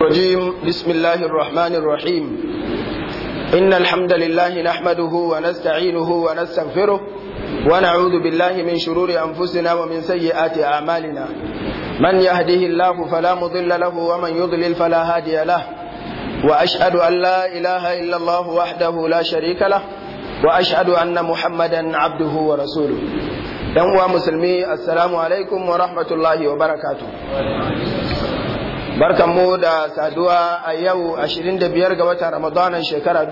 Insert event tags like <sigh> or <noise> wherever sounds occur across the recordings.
الرجيم بسم الله الرحمن الرحيم إن الحمد لله نحمده ونستعينه ونستغفره ونعوذ بالله من شرور أنفسنا ومن سيئات أعمالنا من يهده الله فلا مضل له ومن يضلل فلا هادي له وأشهد أن لا إله إلا الله وحده لا شريك له وأشهد أن محمدا عبده ورسوله yan uwa musulmi assalamu alaikum wa rahmatullahi wa barakatu barkan mu da saduwa a yau 25 ga watan ramadanan shekara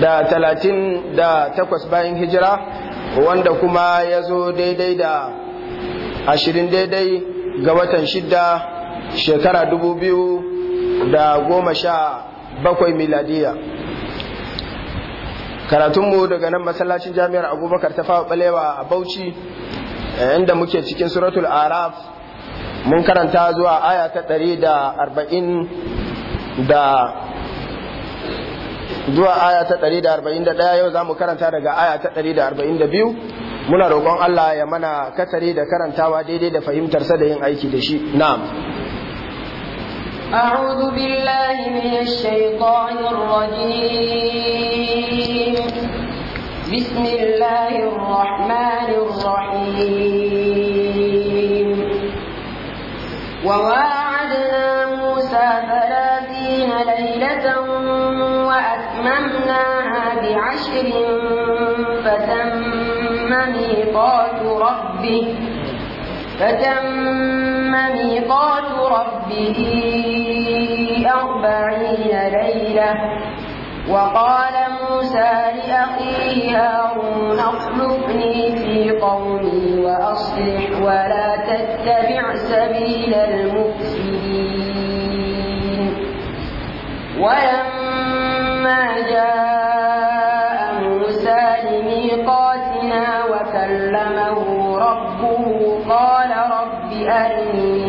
da 438 bayan hijira wanda kuma ya zo daidai da 20 daidai ga watan 6 shekara bakwai miladiya karatunmu daga nan masallacin jami'ar abubakar ta fawa balewa a bauchi inda muke cikin suratul araf mun karanta zuwa aya ta ɗari da arba'in da zuwa aya ta ɗari da arba'in da ɗaya yau za mu karanta daga aya ta ɗari da arba'in da biyu muna roƙon Allah ya mana katare da karantawa daidai da fahimtarsa da yin aiki da shi na'am أعوذ بالله من الشيطان الرجيم بسم الله الرحمن الرحيم وواعدنا موسى ثلاثين ليلة وأتممناها بعشر فتم ميقات ربه فتم ميقات ربه أربعين ليلة وقال موسى لأخيه هارون اخلفني في قومي وأصلح ولا تتبع سبيل المفسدين ولما جاء موسى لميقاتنا وكلمه ربه قال رب أرني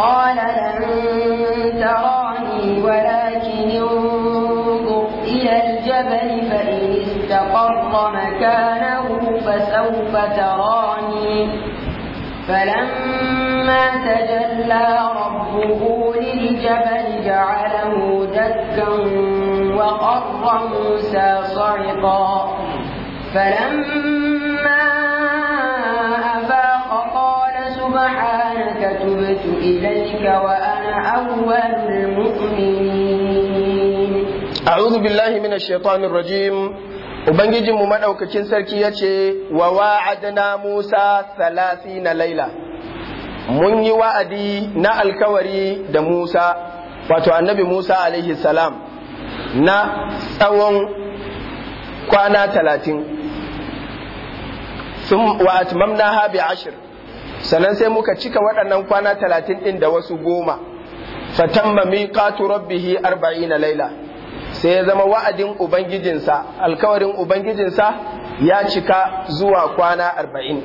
قال لن تراني ولكن انظر إلى الجبل فإن استقر مكانه فسوف تراني فلما تجلى ربه للجبل جعله دكا وقر موسى صعقا فلما تبت إليك وأنا أول المؤمنين أعوذ بالله من الشيطان الرجيم Ubangijinmu maɗaukakin sarki ya ce, Wa wa'adna Musa salasi na laila, mun yi wa'adi na alkawari da Musa, wato annabi Musa alaihi salam, na tsawon kwana talatin. Sun wa atmamna habi ashir, sannan sai muka cika waɗannan kwana talatin ɗin da wasu goma fatamma miqatu rabbihi na laila sai ya zama wa'adin ubangijinsa alkawarin ubangijinsa ya cika zuwa kwana arba'in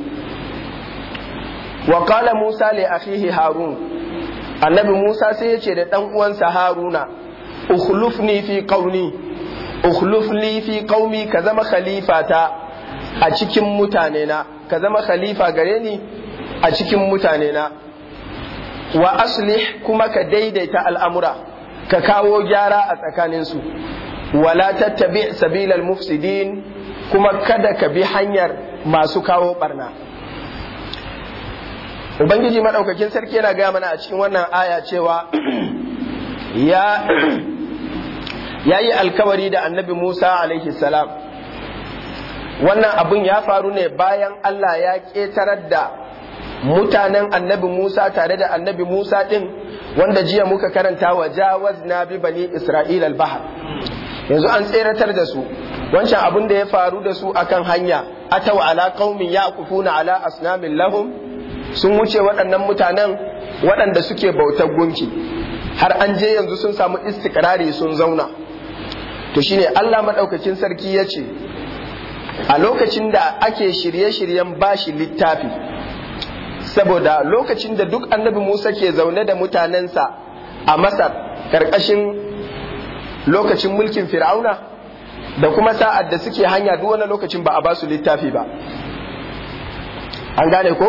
wa kala musa li akhihi harun annabi musa sai ya ce da ɗan uwansa haruna ukhlufni fi qauni ukhlufni fi qaumi ka zama khalifata a cikin mutanena ka zama khalifa gare ni a cikin mutane na wa asli kuma ka daidaita al'amura ka kawo gyara a tsakaninsu wala tattabi sabilal mufsidin kuma kada ka bi hanyar masu kawo barna ubangiji maɗaukakin sarki yana gaya mana a cikin wannan aya cewa <clears throat> ya <clears throat> ya yi alkawari da annabi Musa alaihi salam wannan abin ya faru ne bayan Allah ya ƙetarar da mutanen annabi Musa tare da annabi Musa ɗin wanda jiya muka karanta wa jawaz na bi bani Isra'il al-bahar yanzu an tseratar da su wancan abin da ya faru da su akan hanya atau ala qaumin yaqufuna ala asnamin lahum sun wuce waɗannan mutanen waɗanda suke bautar gunki har an je yanzu sun samu istikrari sun zauna to shine Allah madaukakin sarki ya ce a lokacin da ake shirye-shiryen bashi littafi saboda lokacin da duk annabi Musa ke zaune da mutanensa a Masar karkashin lokacin mulkin Fir'auna da kuma sa'ad da suke hanya duk wani lokacin ba a ba su littafi ba an gane ko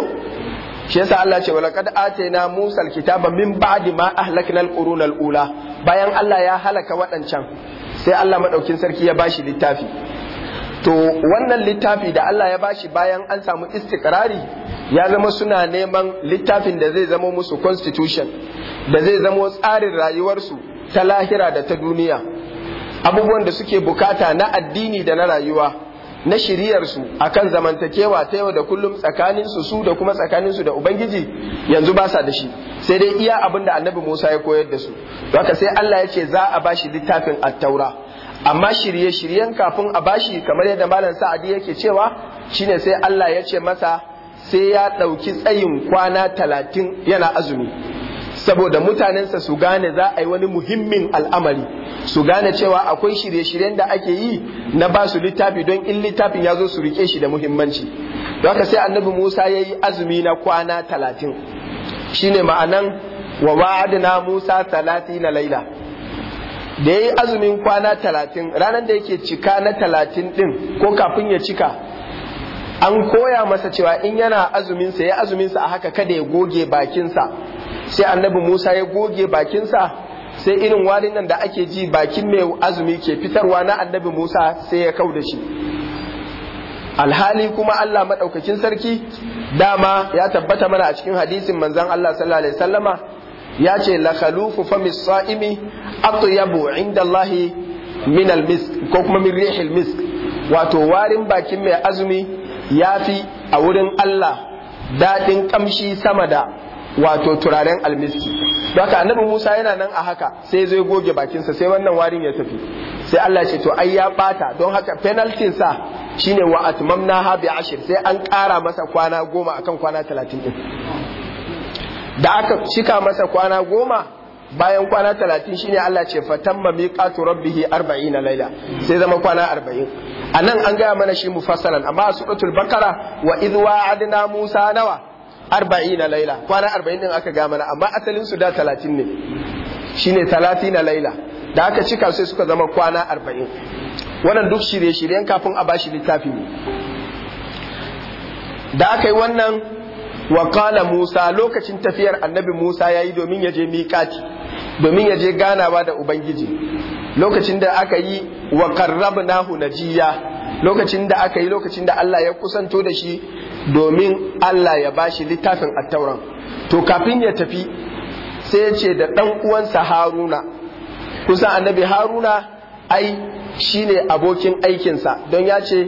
shi yasa Allah ce wala kad atayna Musa alkitaba min ba'di ma ahlakna alquruna ula. bayan Allah ya halaka waɗancan sai Allah madaukin sarki ya bashi littafi to wannan littafi da Allah ya bashi bayan an samu istikrari ya zama suna neman littafin da zai zama musu constitution da zai zama tsarin rayuwarsu ta lahira da ta duniya abubuwan da suke bukata na addini da na rayuwa na shiriyarsu akan zamantakewa ta yau da kullum tsakaninsu su da kuma tsakaninsu da ubangiji yanzu ba sa da shi sai dai iya abin da annabi musa ya koyar da su haka sai allah ya ce za a bashi littafin attaura amma shirye-shiryen kafin a bashi kamar yadda malam sa'adi yake cewa shine sai Allah ya ce masa sai ya ɗauki tsayin kwana talatin yana azumi saboda mutanensa su gane za a yi wani muhimmin al'amari su gane cewa akwai shirye-shiryen da ake yi na ba su littafi don in littafin ya zo su rike shi da muhimmanci don haka sai annabi musa ya yi azumi na kwana talatin shine ma'anan wa wa'adna musa talatin na laila da ya yi azumin kwana talatin ranar da yake cika na talatin din ko kafin ya cika an koya masa cewa in yana azuminsa ya azuminsa a haka kada ya goge bakinsa sai annabi musa ya goge bakinsa sai irin warin nan da ake ji bakin mai azumi ke fitarwa na annabi musa sai ya kau da shi alhali kuma allah maɗaukakin sarki dama ya tabbata mana a cikin hadisin manzon allah sallallahu alaihi wasallama ya ce la khalufu fami sa'imi atyabu inda Allah min al ko kuma min rihil misk wato warin bakin mai azumi yafi a wurin Allah daɗin kamshi sama da wato turaren almiski don haka annabi Musa yana nan a haka sai zai goge bakinsa sai wannan warin ya tafi sai Allah ce to ai ya bata don haka penalty sa shine wa atmamna ha bi ashir sai an ƙara masa kwana goma akan kwana talatin din da aka cika masa kwana goma bayan kwana talatin shine Allah ce fatamma miqatu rabbih na laila sai zama kwana arba'in anan an gaya mana shi mufassalan amma a suratul bakara wa idh wa'adna musa nawa na laila kwana arba'in din aka gaya mana amma asalin su da talatin ne shine na laila da aka cika sai suka zama kwana arba'in wannan duk shirye-shiryen kafin a ba shi littafi ne da aka yi wannan wa kala Musa lokacin tafiyar annabi Musa ya yi domin ya je miƙati domin ya je ganawa da ubangiji lokacin da aka yi wa na jiya lokacin da aka yi lokacin da Allah ya kusanto da shi domin Allah ya bashi littafin attauran to kafin ya tafi sai ya ce da ɗan uwansa Haruna kusan annabi Haruna ai shi ne abokin aikinsa don ya ce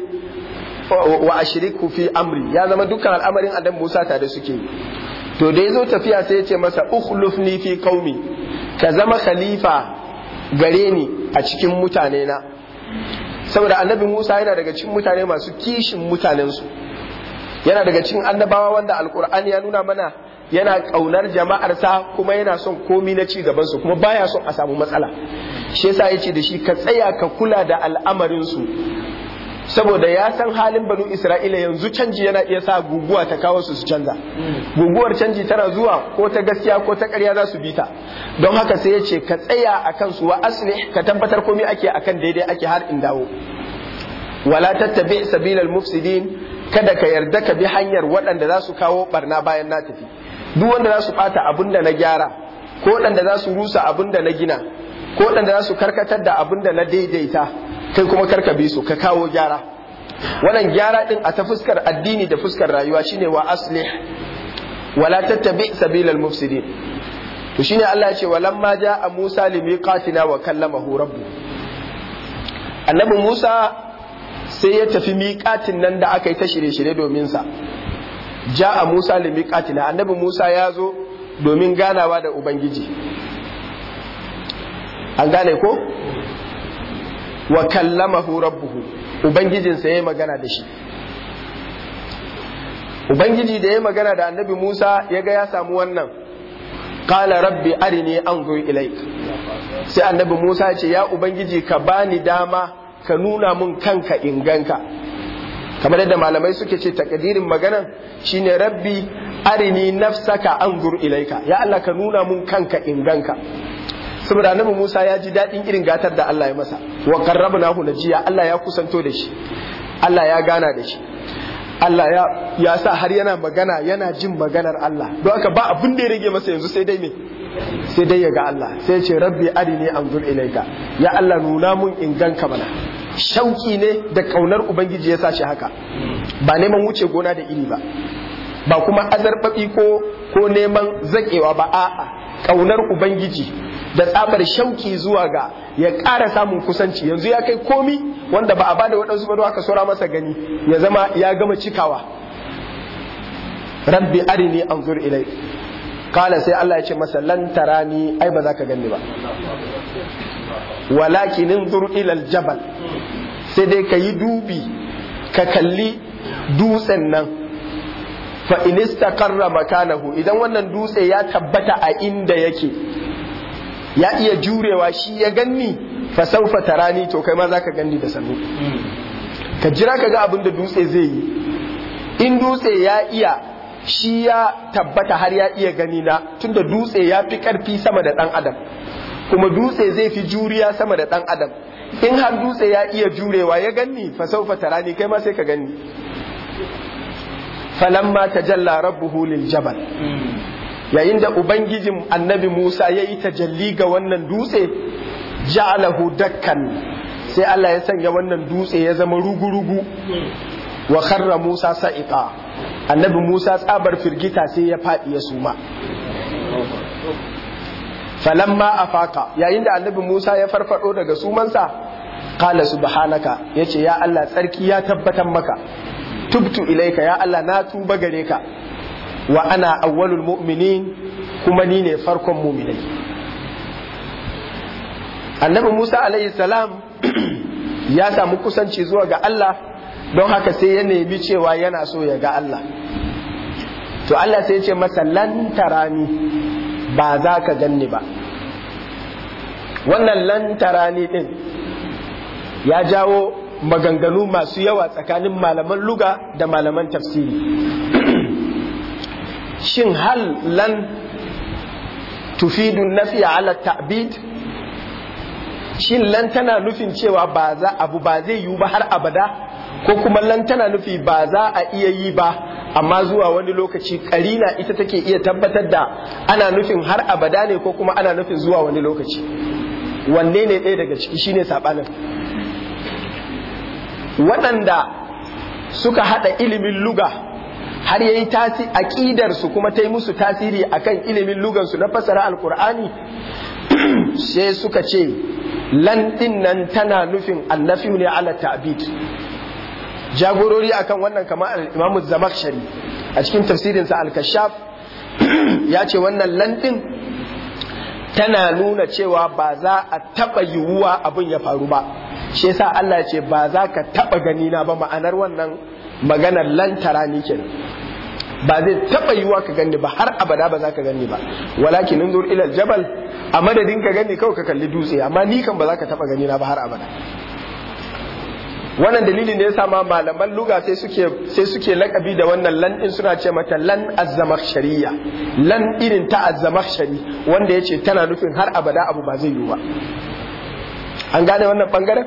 wa ashiriku fi amri ya zama dukkan al'amarin adam Musa tare suke to da zo tafiya sai ya ce masa ukhlufni fi qaumi ka zama khalifa gare ni a cikin mutane na saboda annabi Musa yana daga cikin mutane masu kishin mutanensu yana daga cikin annabawa wanda alkur'ani ya nuna mana yana kaunar jama'arsa kuma yana son komi na ci gabansu kuma baya son a samu matsala shi yasa yace da shi ka tsaya ka kula da al'amarin su. saboda ya san halin banu isra'ila yanzu canji yana iya sa guguwa ta kawo su su canza guguwar canji tana zuwa ko ta gaskiya ko ta karya za su bita. don haka sai ya ce ka tsaya a kansu wa asli ka tabbatar komai ake a kan daidai ake har in dawo wala tattabi sabilal mufsidin kada ka yarda ka bi hanyar waɗanda za su kawo barna bayan na tafi duk wanda za su ɓata abin da na gyara ko waɗanda za su rusa abin da na gina ko waɗanda za su karkatar da abin da na daidaita kai kuma karka bi su ka kawo gyara wannan gyara din a ta fuskar addini da fuskar rayuwa shine wa aslih wala tattabi sabilal mufsidin to shine Allah ya ce walamma jaa Musa limiqatina wa kallamahu rabbu annabi Musa sai ya tafi miƙatin nan da aka yi ta shirye-shirye domin sa ja'a Musa limiqatina annabi Musa ya zo domin ganawa da ubangiji an gane ko wa kallamahu rabbuhu ubangijinsa yayi magana da shi ubangiji da yayi magana da annabi Musa ya ga ya samu wannan qala rabbi arini anzur ilaik sai annabi Musa ya ce ya ubangiji ka bani dama ka nuna mun kanka inganka kamar yadda malamai suke ce takadirin maganan shine rabbi arini nafsaka anzur ilaika ya Allah ka nuna mun kanka inganka saboda annabi Musa ya ji daɗin irin gatar da Allah ya masa wa hu najiya Allah ya kusanto da shi Allah ya gana da shi Allah ya ya sa har yana magana yana jin maganar Allah don haka ba abin da ya rage masa yanzu sai dai me sai dai ya ga Allah sai ya ce rabbi arini anzur ilayka ya Allah nuna mun in ganka mana shauki ne da kaunar ubangiji ya sa shi haka ba neman wuce gona da iri ba ba kuma azarbabi ko ko neman zakewa ba a'a kaunar ubangiji da tsabar shauki zuwa ga ya ƙara samun kusanci yanzu ya kai komi wanda ba a bada waɗansu ba aka saura masa gani ya zama ya gama cikawa rabbi arini anzur ilai kala sai Allah ya ce masa lan tarani ai ba za ka gani ba walakin inzur ilal jabal sai dai ka yi dubi ka kalli dutsen nan fa in istaqarra makanahu idan wannan dutse ya tabbata a inda yake ya iya jurewa shi ya ganni fa saufa tarani to kai ma zaka ganni da sanu ka jira ka ga abin da dutse zai yi in dutse ya iya shi ya tabbata har ya iya gani na tunda dutse ya fi karfi sama da dan adam kuma dutse zai fi juriya sama da dan adam in har dutse ya iya jurewa ya ganni fa saufa tarani kai ma sai ka ganni falamma tajalla rabbuhu lil jabal yayin da ubangijin annabi Musa ya yi tajalli ga wannan dutse ja'alahu dakkan sai Allah ya sanya wannan dutse ya zama rugurugu. rugu wa kharra Musa sa'iqa annabi Musa tsabar firgita sai ya faɗi ya suma falamma afaka yayin da annabi Musa ya farfado daga sumansa qala subhanaka yace ya Allah tsarki ya tabbatar maka tubtu ilaika ya Allah na tuba gare ka wa ana awwalul mu'minin kuma ni ne farkon mu'minai annabi Musa alayhi salam <clears throat> ya samu kusanci zuwa ga Allah don haka sai ya nemi cewa yana so ya ga Allah to Allah sai ya ce masa lan tarani ba za ka ganni ba wannan lan tarani din ya jawo maganganu masu yawa tsakanin malaman luga da malaman tafsiri <clears throat> shin hal lan tufidun nafi ala ta'bid shin lan tana nufin cewa ba za abu ba zai yiwu ba har abada ko kuma lan tana nufi ba za a iya yi ba amma zuwa wani lokaci karina ita take iya tabbatar da ana nufin har abada ne ko kuma ana nufin zuwa wani lokaci wanne ne ɗaya daga ciki shine saɓanin waɗanda suka haɗa ilimin luga har yayi tasi aqidar su kuma ta musu tasiri akan ilimin lugan su na fasara alqur'ani <clears throat> sai suka ce lan din nan tana nufin annafi ne ala ta'bid jagorori akan wannan kamar al-Imam Zamakhshari a cikin tafsirin sa al-Kashaf <clears throat> ya ce wannan lan din tana nuna cewa ba za a taba yiwuwa abin ya faru ba shi yasa Allah ce ba za ka taba gani na ba ma'anar wannan maganar lantara ne kenan ba zai taba yiwa ka gani ba har abada ba za ka gani ba walakin inzur ilal jabal a madadin ka gani kawai ka kalli dutse amma ni kan ba za ka taba gani na ba har abada wannan dalilin da ya sa ma malaman luga sai suke sai lakabi da wannan lan din suna ce mata lan shariya lan irin ta shari wanda ya ce tana nufin har abada abu ba zai yiwu ba an gane wannan bangaren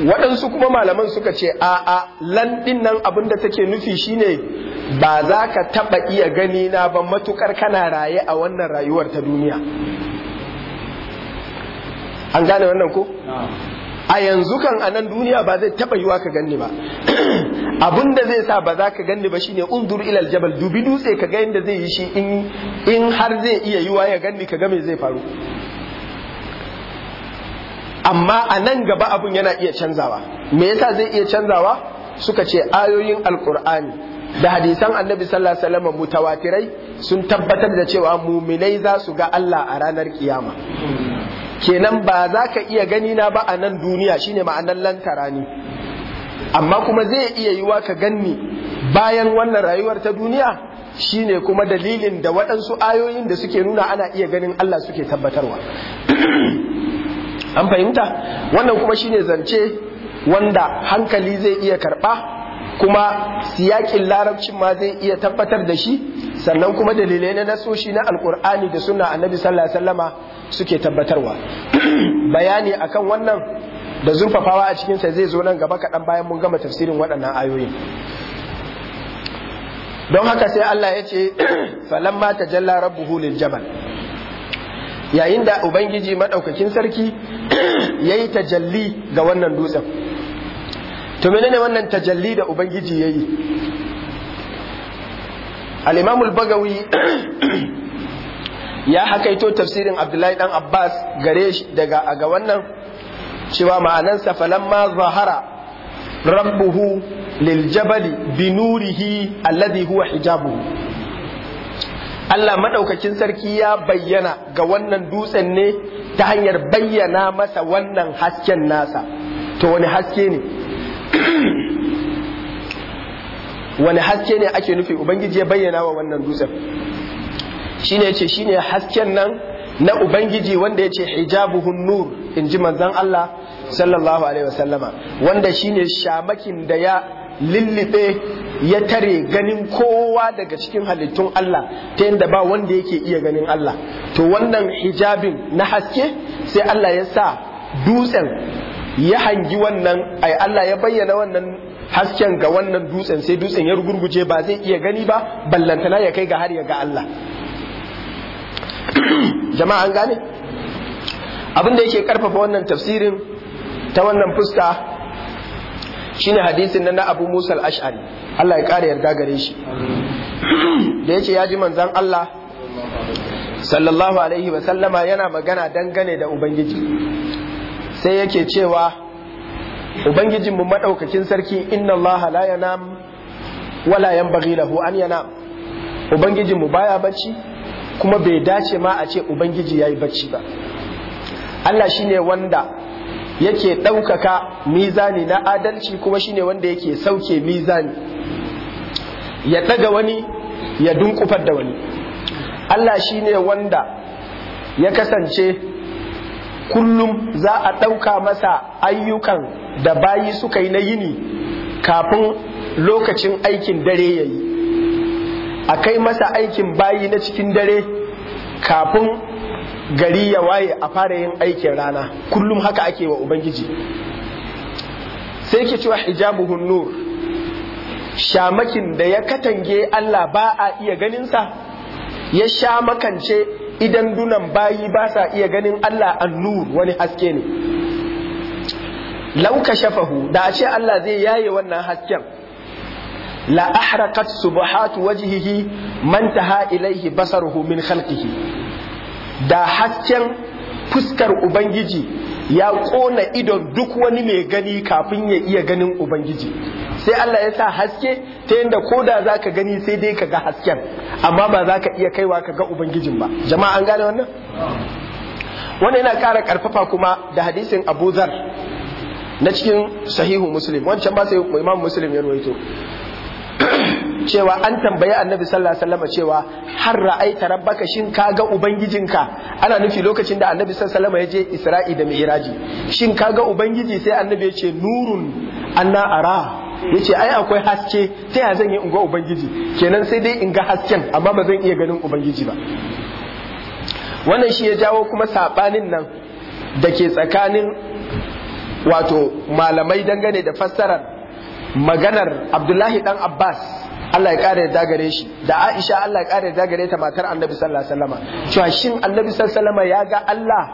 waɗansu kuma malaman suka ce a'a lan ɗin nan abinda take nufi shine ba za ka taɓa iya gani na ba matukar kana raye a wannan rayuwar ta duniya an gane wannan ko? a yanzu kan a nan duniya ba zai taɓa yiwa ka ganni ba <clears throat> Abun da zai sa ba za ka ganni ba shine unzur ilal jabal dubi dutse ka ga yadda zai yi shi in har zai iya yiwa ya ganni ka ga mai zai faru amma a nan gaba abun yana iya canzawa me yasa zai iya canzawa suka ce ayoyin alkur'ani da hadisan annabi sallallahu alaihi wasallam mutawatirai sun tabbatar da cewa muminai za su ga Allah a ranar kiyama kenan ba za ka iya gani na ba a nan duniya shine ma'anar lantara ne amma kuma zai iya yiwa ka ganni bayan wannan rayuwar ta duniya shine kuma dalilin da waɗansu ayoyin da suke nuna ana iya ganin Allah suke tabbatarwa an fahimta wannan kuma shine zance wanda hankali zai iya karɓa kuma siyakin larabcin ma zai iya tabbatar da shi sannan kuma dalilai na nasoshi na alkur'ani da suna annabi sallallahu alaihi wasallama suke tabbatarwa <clears throat> bayani akan wannan da zurfafawa a cikinsa zai zo nan gaba kaɗan bayan mun gama tafsirin waɗannan ayoyin don haka sai Allah ya ce <clears throat> falamma tajalla rabbuhu lil jabal yayin da ubangiji madaukakin sarki <clears throat> yayi tajalli ga wannan dutsen to menene wannan tajalli da ubangiji yayi al-imam bagawi <clears throat> ya hakaito tafsirin abdullahi dan abbas gare shi daga ga wannan cewa ma'anansa falamma zahara rabbuhu liljabali binurihi alladhi huwa hijabuhu Allah madaukakin sarki ya bayyana ga wannan dutsen ne ta hanyar bayyana masa wannan hasken nasa to wani haske ne <clears throat> wani haske ne ake nufi ubangiji ya bayyana wa wannan dutsen shine yace shine hasken nan na ubangiji wanda yace hijabuhun nur inji manzon Allah sallallahu alaihi wasallama wanda shine shamakin da ya Lillife ya tare ganin kowa daga cikin halittun Allah ta yadda ba wanda yake iya ganin Allah to wannan hijabin na haske sai Allah ya sa dutsen ya hangi wannan ai Allah ya bayyana wannan hasken ga wannan dutsen sai dutsen ya rugurguje ba zai iya gani ba ballantana ya kai ga har ya ga Allah <clears throat> jama'a gane abin da yake karfafa wannan tafsirin ta wannan fuska shine hadisin nan na Abu Musa al-Ash'ari Allah ya kare yarda gare shi da yace ya ji manzan Allah sallallahu alaihi wa sallama yana magana dangane da ubangiji sai yake cewa ubangijin mu madaukakin sarki inna Allah la yanam wala yanbaghi lahu an yanam ubangijin mu baya bacci kuma bai dace ma a ce ubangiji yayi bacci ba Allah shine wanda yake ɗaukaka mizani na adalci kuma shine wanda yake sauke mizani ya ɗaga wani ya dunkufar da wani Allah shine wanda ya kasance kullum za a ɗauka masa ayyukan da bayi suka yi na yini kafin lokacin aikin dare ya yi a kai masa aikin bayi na cikin dare kafin gari ya waye a fara yin aikin rana kullum haka ake wa ubangiji sai ke cewa hijabu nur shamakin da ya katange Allah ba a iya ganinsa ya sha makance idan dunan bayi ba sa iya ganin Allah annur wani haske ne lauka shafahu da a ce Allah zai yaye wannan hasken la ahraqat subuhatu wajhihi man taha ilaihi basaruhu min khalqihi da hasken fuskar ubangiji ya kona idon duk wani mai gani kafin ya iya ganin ubangiji sai Allah ya sa haske ta yadda ko da za ka gani sai dai ka ga hasken amma ba za ka iya kaiwa ka ga ubangijin ba jama'a an gane wannan wannan yana ƙara karfafa kuma da hadisin abu zar na cikin sahihu muslim wancan ba sai imam muslim ya ruwaito cewa an tambayi annabi sallallahu alaihi wasallam cewa har ra'aita rabbaka shin kaga ubangijinka ana nufi lokacin da annabi sallallahu alaihi wasallam ya je Isra'i da Mi'raji shin kaga ubangiji sai annabi ya ce nurun anna ara yace ai akwai haske ta ya zan yi in ga ubangiji kenan sai dai in ga hasken amma ba zan iya ganin ubangiji ba wannan shi ya jawo kuma sabanin nan da ke tsakanin wato malamai dangane da fassarar maganar Abdullahi dan Abbas Allah ya ƙara yarda gare shi da Aisha Allah ya ƙara yarda gare ta matar Annabi sallallahu alaihi wasallam cewa shin Annabi sallallahu alaihi wasallam ya ga Allah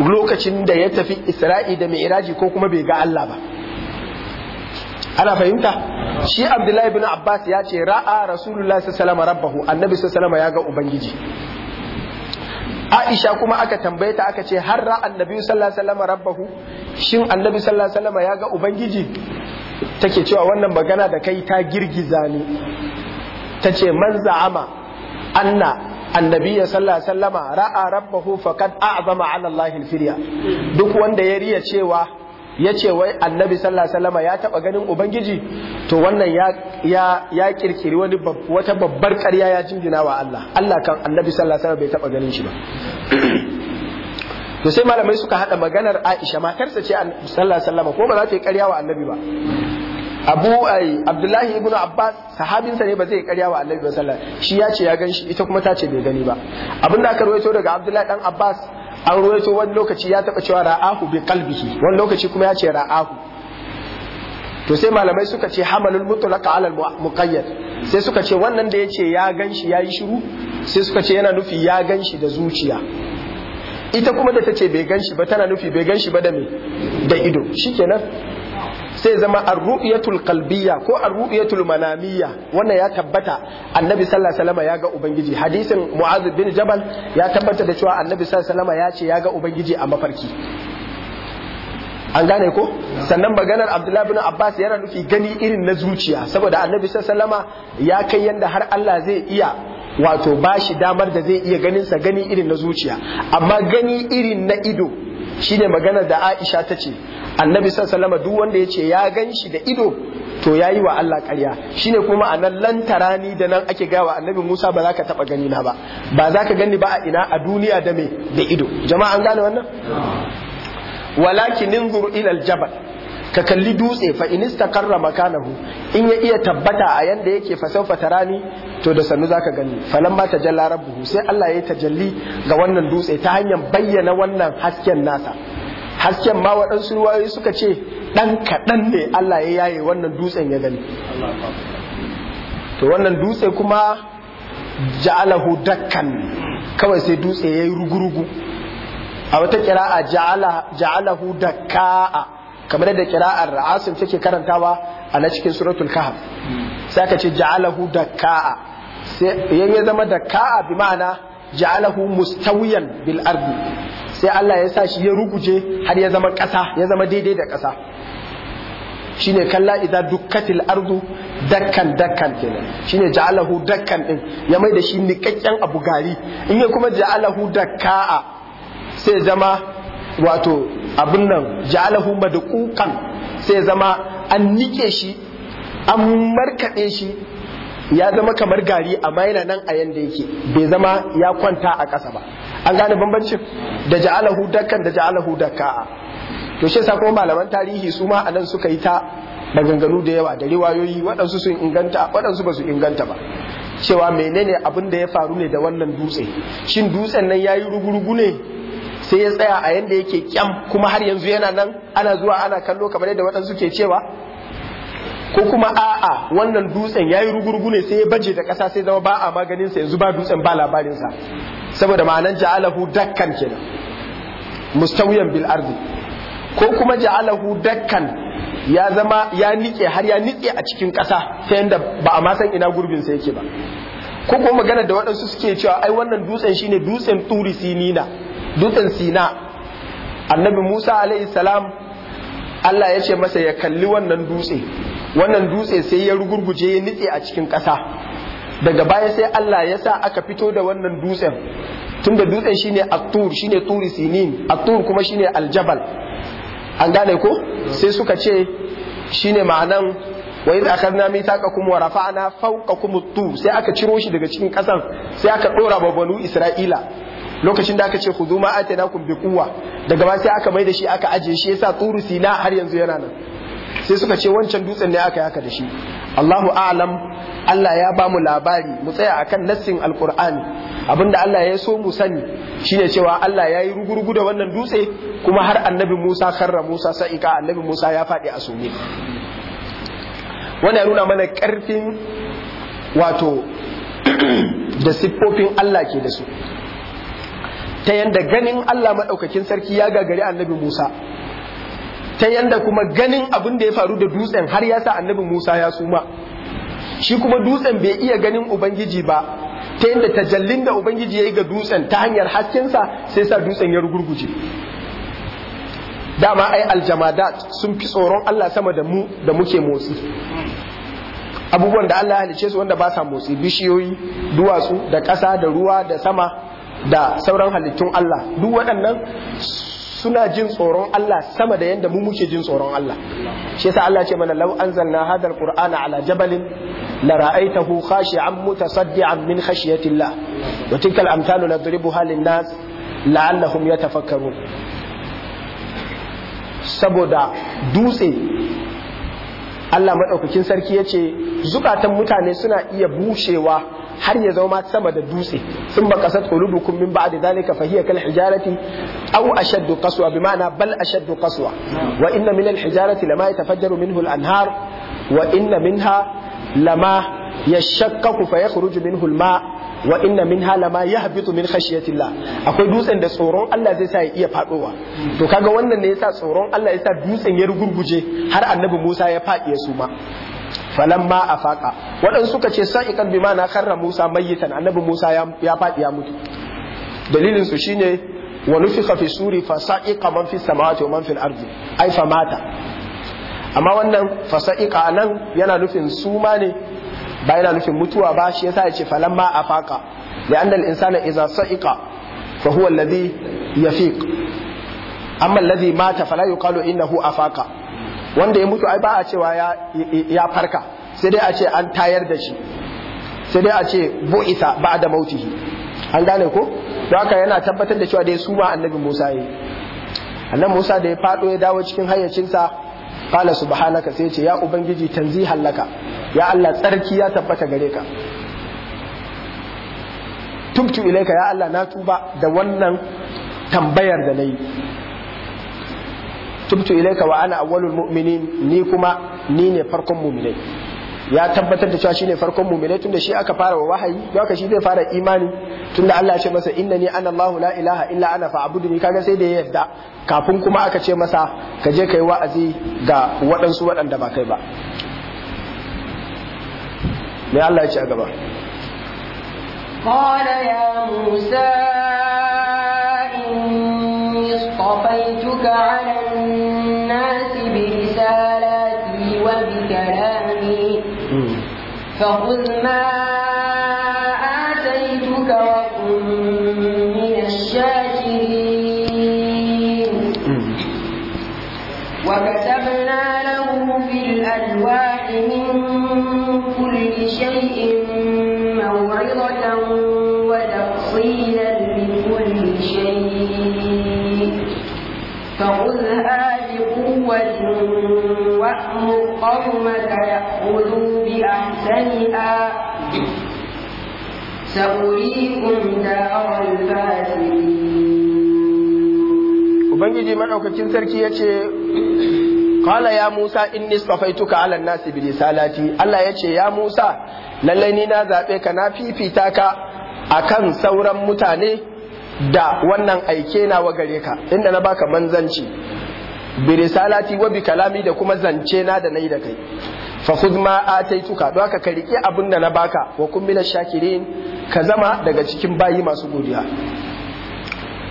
lokacin da ya tafi Isra'i da Mi'raji ko kuma bai ga Allah ba ana fahimta shi Abdullahi ibn Abbas ya ce ra'a Rasulullahi sallallahu alaihi wasallam rabbahu Annabi sallallahu alaihi wasallam ya ga ubangiji Aisha kuma aka tambaye ta aka ce har ra annabi sallallahu alaihi wasallam rabbahu shin annabi sallallahu alaihi wasallam ya ga ubangiji take cewa wannan magana da kai ta girgiza ni tace man za'ama anna annabi sallallahu alaihi wasallam ra'a rabbahu faqad a'zama ala Allahil firya duk wanda ya riya cewa ya ce wai annabi sallallahu alaihi wasallam ya taba ganin ubangiji to wannan ya ya ya kirkiri wani wata babbar ƙarya ya jingina wa Allah Allah kan annabi sallallahu alaihi wasallam bai taba ganin shi ba to sai malamai suka hada maganar Aisha matarsa ce sallallahu alaihi wasallam ko ba za ta yi ƙarya wa annabi ba Abu ai Abdullahi ibn Abbas sahabinsa ne ba zai ƙarya wa annabi alaihi wasallam shi ya ce ya gan shi ita kuma ta ce bai gani ba abinda aka rawaito daga Abdullahi dan Abbas an ruwaito wani lokaci ya taba cewa ra'ahu bi qalbihi wani lokaci kuma ya ce ra'ahu to sai malamai suka ce hamalul na ala muqayyad sai suka ce wannan da ya ce ya ganshi yayi shiru sai suka ce yana nufi ya ganshi da zuciya ita kuma da tace bai ganshi ba tana nufi bai ganshi ba da me da ido shikenan sai zama arru'iyatul ruyatul qalbiyya ko arru'iyatul manamiyya wannan ya tabbata annabi sallallahu alaihi wasallam ya ga ubangiji hadisin mu'az bin jabal ya tabbata da cewa annabi sallallahu alaihi wasallam ya ce ya ga ubangiji a mafarki an gane ko sannan maganar abdullahi bin abbas yana nufi gani irin na zuciya saboda annabi sallallahu alaihi ya kai yanda har Allah zai iya wato bashi damar da zai iya ganin sa gani irin na zuciya amma gani irin na ido Shi ne magana da Aisha ta ce annabi salama duk wanda ya ce ya gan shi da ido to ya yi wa Allah karya. Shi ne kuma a nan ni da nan ake gawa annabi Musa ba za ka taɓa gani na ba ba za ka gani ba a ina a duniya da me da ido jama'a an gane wannan walakin ninzuru ilal jabal ka kalli dutse fa in istaqarra makanahu in ya iya tabbata a yanda yake fa sawfa tarani to da sannu zaka gani falamma tajalla rabbuhu sai Allah ya tajalli ga wannan dutse ta hanyar bayyana wannan hasken nasa hasken ma waɗansu ruwayoyi suka ce ɗan kaɗan ne Allah ya yaye wannan dutsen ya gani to wannan dutse kuma ja'alahu dakkan kawai sai dutse ya yi rugurugu a wata kira'a ja'alahu dakka'a kamar yadda kira'ar asim take karantawa a na cikin suratul kahf sai aka ce ja'alahu dakka'a sai yan ya zama dakka'a bi ma'ana ja'alahu mustawiyan bil ardi sai Allah ya sa shi ya ruguje har ya zama ƙasa ya zama daidai da ƙasa shine kalla idan dukkatil ardu dakkan dakkan kenan shine ja'alahu dakkan din ya mai da shi nikakken abu gari in ya kuma ja'alahu dakka'a sai zama wato abin nan ja'alahu madukukan sai zama an nike shi an markaɗe shi ya zama kamar gari amma yana nan a yanda yake bai zama ya kwanta a ƙasa ba an gane bambancin da ja'alahu dakan da ja'alahu daka to shi yasa malaman tarihi su ma anan suka yi ta maganganu da yawa da riwayoyi waɗansu sun inganta waɗansu ba su inganta ba cewa menene abin da ya faru ne da wannan dutse shin dutsen nan yayi rugurugu ne sai ya tsaya a yanda yake kyam kuma har yanzu yana nan ana zuwa ana kallo kamar yadda watan suke cewa ko kuma a'a wannan dutsen yayi rugurgu ne sai ya baje da ƙasa sai zama ba a maganin sa yanzu ba dutsen ba labarin sa saboda ma'anan ja'alahu dakkan kenan mustawiyan bil ardi ko kuma ja'alahu dakkan ya zama ya nike har ya nike a cikin ƙasa ta yanda ba a ma san ina gurbin sa yake ba ko kuma magana da waɗansu suke cewa ai wannan dutsen shine dutsen turi dutsen sina annabi musa alaihi salam allah ya ce masa ya kalli wannan dutse wannan dutse sai ya rugurguje ya nitse a cikin ƙasa daga baya sai allah ya sa aka fito da wannan dutsen tunda dutsen shine attur shine turi sinin attur kuma shine aljabal an gane ko sai suka ce shine ma'anan wa idh akhadna mithaqakum wa rafa'na fawqakum kuma tu, sai aka ciro shi daga cikin ƙasar sai aka dora ba banu isra'ila lokacin da aka ce khudhu ma kun bi kuwa daga ba sai aka mai da shi aka aje shi yasa turu sina har yanzu yana nan sai suka ce wancan dutsen ne aka yaka da shi Allahu a'lam Allah ya ba mu labari mu tsaya akan nassin alqur'ani abinda Allah ya so mu sani shine cewa Allah ya yi rugurugu da wannan dutse kuma har annabi Musa karra Musa sa'ika annabi Musa ya faɗi a sume wannan ya nuna mana ƙarfin wato <clears throat> da siffofin Allah ke da su ta yanda ganin Allah maɗaukakin sarki ya gagari annabi Musa ta yanda kuma ganin abin da ya faru da dutsen har ya sa annabi Musa ya suma shi kuma dutsen bai iya ganin ubangiji ba ta yanda tajallin da ubangiji ya yi ga dutsen ta hanyar sa sai sa dutsen ya rugurguje dama ai aljamadat sun fi tsoron Allah sama da mu da muke motsi abubuwan da Allah ya halice su wanda ba sa motsi bishiyoyi duwatsu da ƙasa da ruwa da sama da sauran halittun Allah duk waɗannan suna jin tsoron Allah sama da yadda mu muke jin tsoron Allah shi yasa Allah ce mana law anzalna hadal qur'ana ala jabalin la ra'aytahu khashi'an mutasaddian min khashyatillah wa tilka al-amthalu nadribuha lin-nas la'allahum yatafakkarun saboda dutse Allah madaukakin sarki yace zukatan mutane suna iya bushewa har ya zama sama da dutse sun ba kasat qulubukum min ba'di dhalika fa hiya kal hijarati aw ashaddu qaswa bi ma'ana bal ashaddu qaswa wa inna min al hijarati lama yatafajjaru minhu al anhar wa inna minha lama yashakkaku fa yakhruju minhu al ma' wa inna minha lama yahbitu min khashyatillah akwai dutsen da tsoron Allah zai sa ya iya fadowa to kaga wannan ne yasa tsoron Allah yasa dutsen ya rugurguje har annabi Musa ya faɗi ya suma falamma afaqa waɗansu suka ce sa'iqan bima na karra Musa mayyitan annabi Musa ya faɗi ya mutu dalilin su shine wa nufikha fi suri fa sa'iqa man fi samawati wa man fil ardi ai fa mata amma wannan fa sa'iqa nan yana nufin suma ne ba yana nufin mutuwa ba shi yasa ya ce falamma afaqa li anna al insana idza sa'iqa fa huwa alladhi yafiq amma alladhi mata fala yuqalu innahu afaqa wanda ya mutu ai ba a cewa ya farka sai dai a ce an tayar da shi sai dai a ce bu'isa ba da mautihi an gane ko don haka yana tabbatar da cewa dai su ba annabi Musa yi annabi Musa da ya fado ya dawo cikin hayyacinsa kala subhanaka sai ya ce ya ubangiji tanzi laka ya Allah tsarki ya tabbata gare ka tumtu ilaika ya Allah na tuba da wannan tambayar da nayi tubtu ilaika wa ana awwalul mu'minin ni kuma ni ne farkon mu'minai ya tabbatar da cewa shine farkon mu'minai tunda shi aka fara wa wahayi don haka shi zai fara imani tunda Allah ya ce masa innani ana Allah la ilaha illa ana ni kaga sai da ya yarda kafin kuma aka ce masa ka je kai wa'azi ga waɗansu waɗanda ba kai ba me Allah ya ce a gaba قال يا موسى اصطفيتك على الناس برسالاتي وبكلامي فخذ ما شيئا سأريكم دار الفاسقين وبنجي مدوكاكين سركي يتي Kala ya Musa in nistafaituka ala nasi bi risalati Allah ya ce ya Musa lallai ni na zaɓe ka na fifita ka akan sauran mutane da wannan aike na wa gare ka inda na baka manzanci bi risalati wa bi kalami da kuma zance na da nayi da kai fa ma ataituka don haka ka riƙe abin da na baka wa kun shakirin ka zama daga cikin bayi masu godiya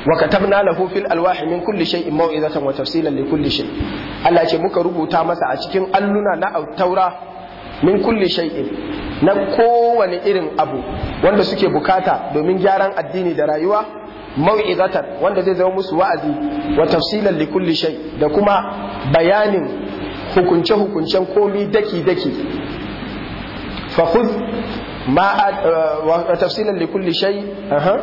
wa katabna lahu fil alwah min kulli shay'in maw'izatan wa tafsilan li kulli shay Allah ce muka rubuta masa a cikin alluna na taura min kulli shay'in na kowane irin abu wanda suke bukata domin gyaran addini da rayuwa mau'izatan wanda zai zama musu wa'azi wa tafsilan li kulli shay da kuma bayanin hukunce hukuncen komi daki daki fa khudh ma uh, wa tafsilan li kulli shay aha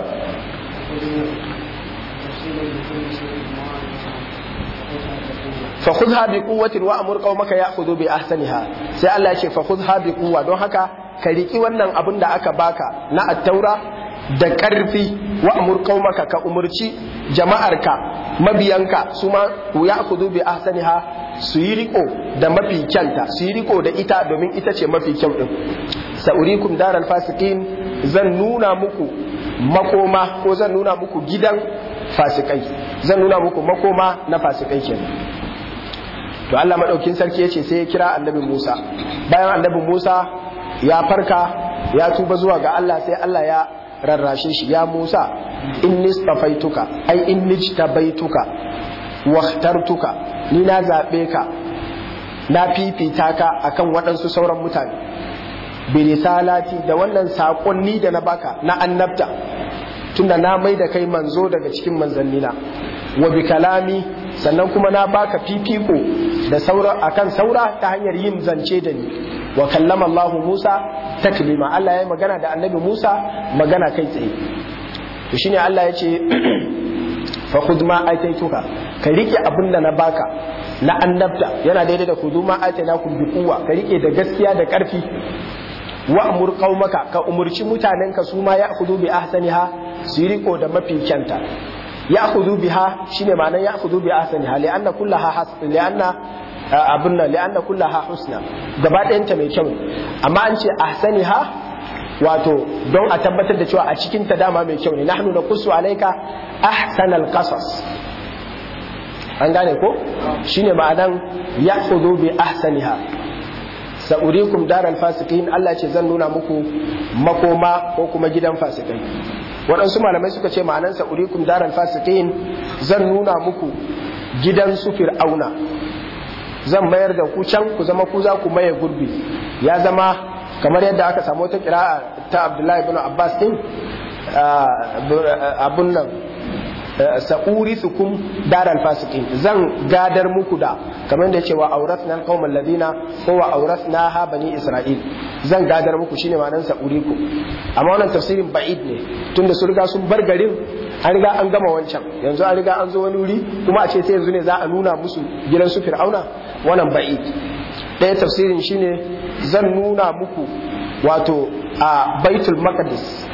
maka ya وأمر قومك يأخذوا بأحسنها sai Allah ce bi بقوة don haka ka riki wannan abin da aka baka na attaura da ƙarfi wa amur qaumaka ka umurci jama'arka mabiyanka su ma ya akudu bi ahsaniha su yi riko da mafi kyanta su yi riko da ita domin ita ce mafi kyau din sa'urikum daral fasiqin zan nuna muku makoma ko zan nuna muku gidan fasikai zan nuna muku makoma na fasikai kenan to Allah madaukin sarki yace sai ya kira annabi Musa bayan annabi Musa ya farka ya tuba zuwa ga Allah sai Allah ya rarrashe shi ya Musa in stafaituka ai in jtabaituka wahtartuka ni na zaɓe ka na fifita ka akan waɗansu sauran mutane birisalati da wannan saƙonni da na baka na annabta tunda na mai da kai manzo daga cikin manzannina wa bi kalami sannan kuma na baka fifiko da saura akan saura ta hanyar yin zance da ni wa kallama Allah Musa taklima Allah ya magana da Annabi Musa magana kai tsaye to shine Allah ya ce <clears throat> fa khudh ma aitaituka ka rike abin da na baka na annabta yana daidai da kudu ma atina kun kuwa ka rike da gaskiya da ƙarfi wa amur qaumaka ka umurci mutanenka su ma ya'khudhu bi ahsaniha su riko da mafi kyanta ya'khudhu biha shine ma'anar ya'khudhu bi ahsaniha kulla ha has li'anna abun nan kulla ha husna gaba ɗayanta mai kyau amma an ce ahsaniha wato don a tabbatar da cewa a cikin ta dama mai kyau ne nahnu naqussu alayka ahsanal qasas an gane ko shine ma'anan ya'khudhu bi ahsaniha sa'urikum daral fasikin Allah ce zan nuna muku makoma ko kuma gidan fasikai waɗansu malamai suka ce ma'anan sa'urikum daral fasikin zan nuna muku gidan su fir'auna zan mayar da ku can ku zama ku za ku maye gurbi ya zama kamar yadda aka samu ta kira'a ta Abdullahi ibn Abbas din ah, eh, abun nan Eh, sa'urisukum daral fasikin zan gadar muku da kamar da cewa auratna alqawmal ladina ko wa na ha bani isra'il zan gadar muku shine ma'anar ku amma wannan tafsirin ba'id ne tunda su riga sun bar garin an riga an gama wancan yanzu an riga an zo wani wuri kuma a ce sai yanzu ne za a nuna musu gidan su fir'auna wannan ba'id ɗaya tafsirin shine zan nuna muku wato a baitul maqdis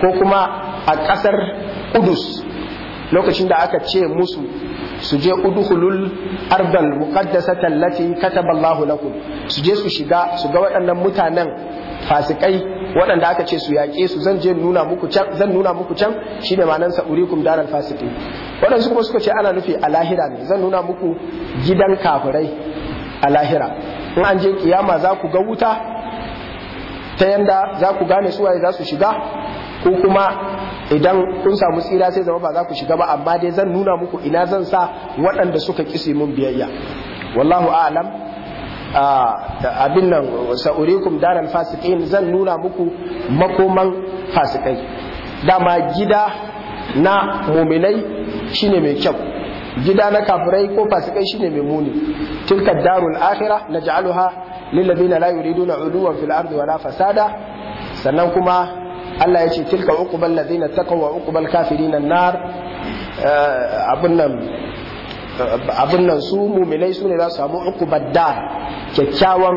ko kuma a ƙasar kudus lokacin da aka ce musu su je udkhulul ardal muqaddasata allati kataba Allahu lakum su je su shiga su ga waɗannan mutanen fasikai waɗanda aka ce su yaƙe su zan je nuna muku can zan nuna muku can shine ma'anar sa urikum daral fasiki waɗansu kuma suka ce ana nufi a lahira ne zan nuna muku gidan kafirai a lahira in an je kiyama za ku ga wuta ta yanda za ku gane suwaye za su shiga ko kuma idan kun samu tsira sai zama ba za ku shiga ba amma dai zan nuna muku ina zan sa waɗanda suka kisi mun biyayya wallahu a'lam abin nan sa'urikum daral fasiqin zan nuna muku makoman fasikai dama gida na muminai shine mai kyau gida na kafirai ko fasikai shine mai muni tilka darul akhirah naj'aluha lil ladina la yuriduna 'uluwan fil ardi wala fasada sannan kuma Allah ya ce tilka uqbal ladina taqaw wa uqbal kafirin nar eh, abun nan eh, abun nan su muminai su ne za su samu uqbad dar kyakkyawan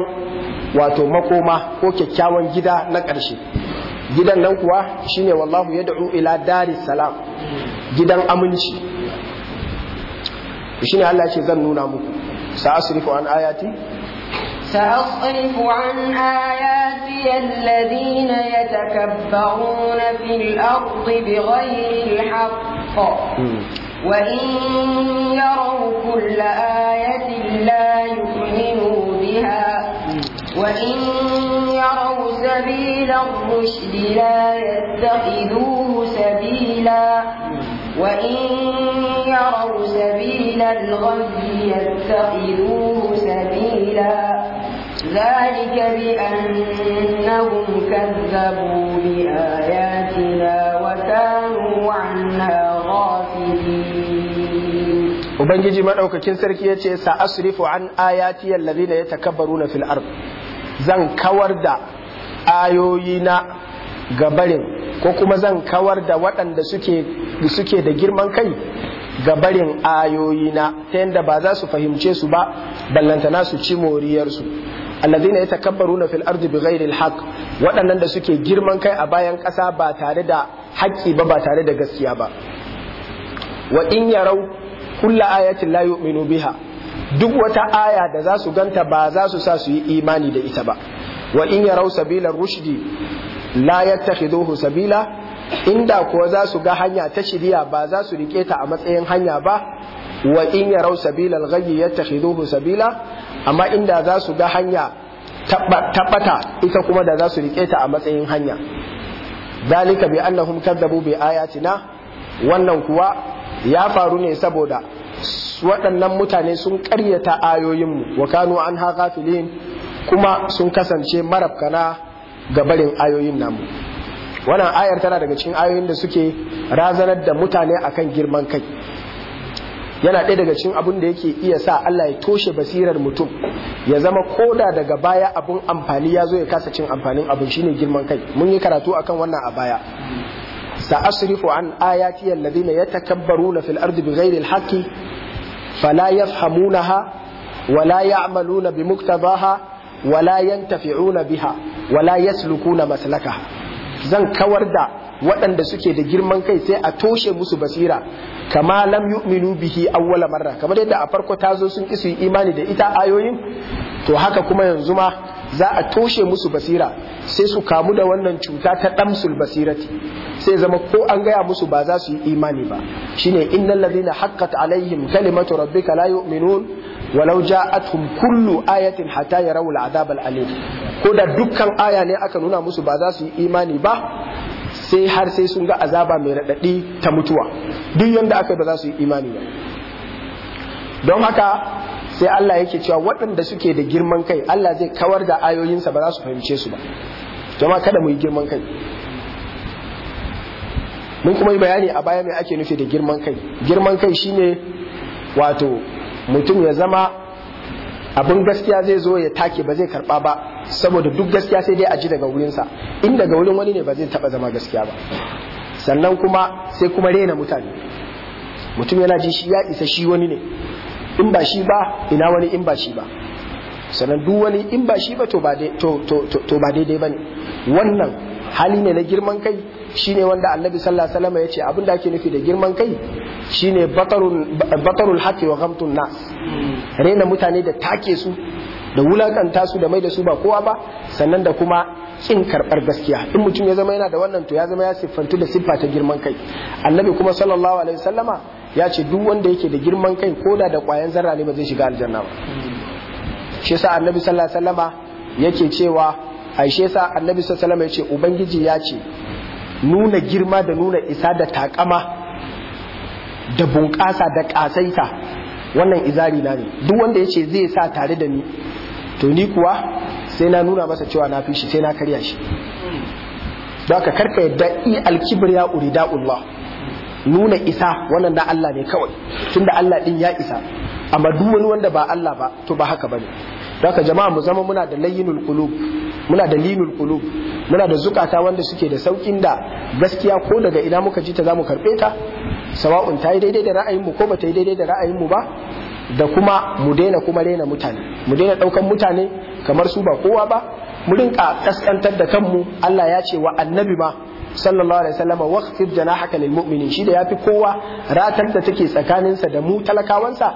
wato makoma ko kyakkyawan gida na ƙarshe gidan nan kuwa shine wallahu yad'u ila daris salam gidan aminci shine Allah ya ce zan nuna muku sa'asrifu an ayati سأصرف عن آياتي الذين يتكبرون في الأرض بغير الحق وإن يروا كل آية لا يؤمنوا بها وإن يروا سبيل الرشد لا يتخذوه سبيلا وإن يروا سبيل الغي يتخذوه سبيلا ذلك بأنهم كذبوا بآياتنا وكانوا عنا Ubangiji maɗaukakin sarki ya ce, Sa’asrifu an ayati yallari na ya takabaru na fil’ar, zan kawar da ayoyi na gabarin ko kuma zan kawar da waɗanda suke da girman kai gabarin ayoyi na ta yadda ba za su fahimce su ba ballantana su ci moriyarsu alladhina yatakabbaruna fil ardi bighairi alhaq waɗannan da suke girman kai a bayan ƙasa ba tare da haƙƙi ba ba tare da gaskiya ba wa in yarau kullu ayatin la yu'minu biha duk wata aya da za su ganta ba za su sa su yi imani da ita ba wa in yarau sabila rushdi la yattakhiduhu sabila inda kuwa za su ga hanya ta shirya ba za su rike ta a matsayin hanya ba wa in yarau sabila al yattakhiduhu sabila amma inda za su ga hanya tabbata ita kuma da za su rike ta a matsayin hanya dalika bi annahum kadzabu bi ayatina wannan kuwa ya faru ne saboda waɗannan mutane sun ƙaryata ayoyinmu wa kanu an filin kuma sun kasance marafkana ga barin ayoyin namu wannan ayar tana daga cikin ayoyin da suke razanar da mutane akan girman kai yana ɗaya daga cikin abin da yake iya sa Allah ya toshe basirar mutum ya zama koda daga baya abun amfani ya zo ya kasa cin amfanin abin shine girman kai mun yi karatu akan wannan a baya sa'asrifu an ayati alladhina yatakabbaruna fil ardi bighairi alhaqi fala yafhamunaha wala ya'maluna bimuktabaha wala yantafi'una biha wala yaslukuna maslakaha zan kawar da waɗanda suke da girman kai sai a toshe musu basira kama lam yu'minu bihi awwala marra kamar yadda a farko ta zo sun kisu imani da ita ayoyin to haka kuma yanzu ma za a toshe musu basira sai su kamu da wannan cuta ta damsul basirati sai zama ko an gaya musu ba za su yi imani ba shine innal ladhina haqqat alaihim kalimatu rabbika la yu'minun walau ja'atuhum kullu ayatin hatta yarawul adhab al alim ko da dukkan aya ne aka nuna musu ba za su yi imani ba sai har sai sun ga azaba mai raɗaɗi ta mutuwa duk yanda aka yi ba za su yi imani ba don haka sai Allah yake cewa waɗanda suke da girman kai Allah zai kawar da ayoyinsa ba za su fahimce su ba jama kada mu yi girman kai mun kuma yi bayani a baya mai ake nufi da girman kai girman kai shine wato mutum ya zama abin gaskiya zai zo ya take ba zai karɓa ba saboda duk gaskiya sai dai a ji daga wurinsa in daga wurin wani ne ba zai taba zama gaskiya ba sannan kuma sai kuma rena mutane mutum yana ji shi ya isa shi wani ne in ba shi ba ina wani in ba shi ba sannan duk wani in ba shi ba to ba daidai ba ne wannan hali ne na girman kai shine wanda annabi sallallahu alaihi wasallam ya ce abin da ake nufi da girman kai shine batarul haqqi wa ghamtun nas rena mutane da take su da wulakanta su da mai da su ba kowa ba sannan da kuma kin karbar gaskiya in mutum ya zama yana da wannan to ya zama ya siffantu da siffa ta girman kai annabi kuma sallallahu alaihi wasallama ya ce duk wanda yake da girman kai ko da da ƙwayan zarra ne ba zai shiga aljanna ba shi yasa annabi sallallahu alaihi wasallama yake cewa ai shi yasa annabi sallallahu alaihi wasallama yace ubangiji ya ce nuna girma da nuna isa da takama da bunƙasa da ƙasaita wannan izari na ne duk wanda ya zai sa tare da ni to ni kuwa sai na nuna masa cewa na fi shi sai na karya shi don ka karka yadda ya uri urida'ullah nuna isa wannan da Allah ne kawai tunda Allah din ya isa amma duk wani wanda ba Allah ba to ba haka bane don ka jama'a mu zama muna da layyinul qulub muna da linul qulub muna da zukata wanda suke da saukin da gaskiya ko daga ina muka ji ta zamu karbe ta sawa'un ta yi daidai da ra'ayin mu ko ba ta yi daidai da ra'ayin mu ba da kuma mu daina kuma rena mutane mu daina daukan mutane kamar su ba kowa ba mu rinka kaskantar da kanmu Allah ya ce wa annabi ma sallallahu alaihi wasallam waqfid janahaka lil mu'minin shi da yafi kowa ratar da take tsakaninsa da mu talakawansa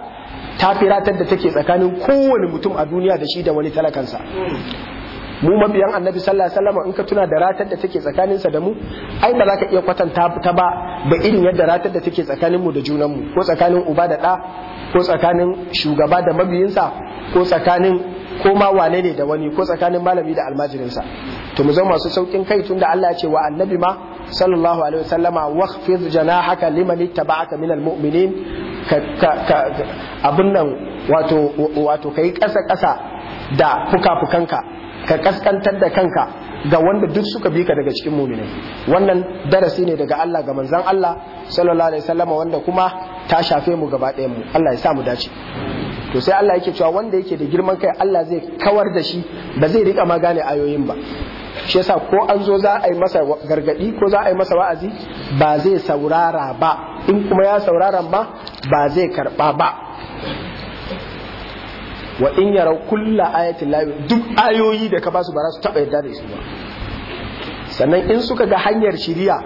ta fi ratar da take tsakanin kowane mutum a duniya da shi da wani talakansa mu mabiyan annabi sallallahu alaihi wasallam in ka tuna da ratar da take tsakaninsa da mu ai ba za ka iya kwatanta ta ba da irin yadda ratar da take tsakanin mu da junan mu ko tsakanin uba da da ko tsakanin shugaba da mabiyinsa ko tsakanin ko ma wane ne da wani ko tsakanin malami da almajirinsa to mu zama masu saukin kai tun da Allah ya ce wa annabi ma sallallahu alaihi wasallama waqfid janahaka liman ittaba'aka minal mu'minin abin nan wato wato kai kasa kasa da fuka-fukanka ka kaskantar da kanka ga wanda duk suka bi ka daga cikin muminai wannan darasi ne daga Allah ga manzon Allah sallallahu alaihi wasallam wanda kuma ta shafe mu gaba ɗayan mu Allah ya sa mu dace to sai Allah yake cewa wanda yake da girman kai Allah zai kawar da shi ba zai rika magane ayoyin ba shi yasa ko an zo za a yi masa gargadi ko za a yi masa wa'azi ba zai saurara ba in kuma ya saurara ba ba zai karba ba wa in yara kulla ayatin layu duk ayoyi da ka basu ba za su taba yadda da su ba sannan in suka ga hanyar shiriya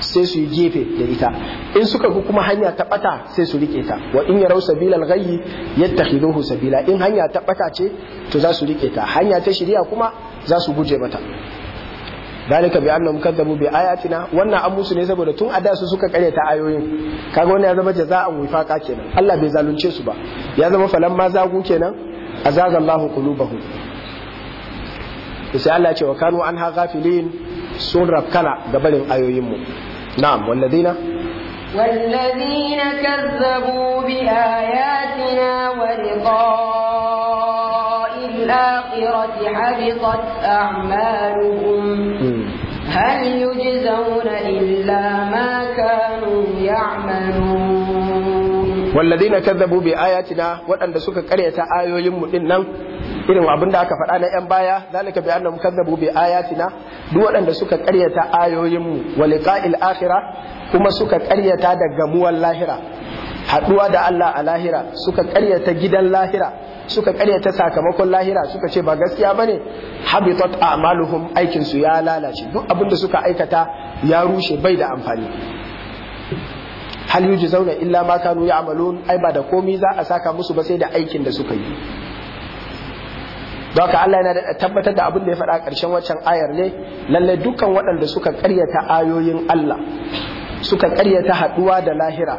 sai su yi gefe da ita in suka ga kuma hanya ta bata sai su rike ta wa in yarau sabilal ghayyi yattakhiduhu sabila in hanya ta bata ce to za su rike ta hanya ta shiriya kuma za su guje mata zalika bi annahum kadzabu bi ayatina wannan an musu ne saboda tun a da su suka karyata ayoyin kaga wannan ya zama jaza'an wifaqa kenan Allah bai zalunce su ba ya zama ma zagu kenan azaga Allahu qulubahum sai Allah ya ce wa kanu anha ghafilin sun rakkala ga barin ayoyin mu na'am walladina bi ayatina wa liqa الآخرة حبطت أعمالهم هل يجزون إلا ما كانوا يعملون والذين كذبوا بآياتنا وأن irin abin da aka faɗa na 'yan baya zalika bi annahum kadzabu bi ayatina duk waɗanda suka ƙaryata ayoyinmu wa liqa'il akhira kuma suka karyata da gamuwar lahira haɗuwa da Allah a lahira suka karyata gidan lahira suka karyata sakamakon lahira suka ce ba gaskiya bane habitat a'maluhum aikin su ya lalace duk abin da suka aikata ya rushe bai da amfani hal yujzauna illa ma kanu ya'malun ai ba da komai za a saka musu ba sai da aikin da suka yi don haka Allah yana da tabbatar da abin da ya faɗa ƙarshen waccan ayar ne lallai dukkan waɗanda suka ƙaryata ayoyin Allah suka ƙaryata haɗuwa da lahira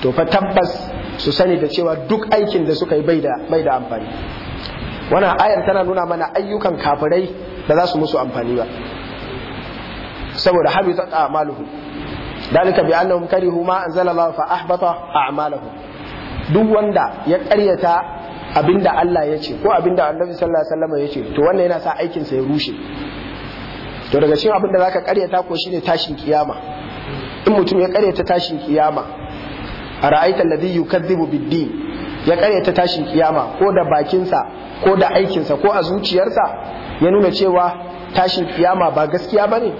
to fa tabbas su sani da cewa duk aikin da suka yi bai da amfani wannan ayar tana nuna mana ayyukan kafirai da za su musu amfani ba saboda habitat a'maluhum dalika bi annahum karihu ma anzala Allah fa ahbata a'malahum duk wanda ya ƙaryata abinda Allah ya ce ko abinda Annabi sallallahu alaihi wasallam ya ce to wannan yana sa aikin sa ya rushe to daga cikin abinda zaka ƙaryata ko shine tashin kiyama in mutum ya ƙaryata tashin kiyama ara'aita alladhi yukadhibu bid-din ya karyata tashin kiyama ko da bakinsa ko da aikinsa ko a zuciyarsa ya nuna cewa tashin kiyama ba gaskiya bane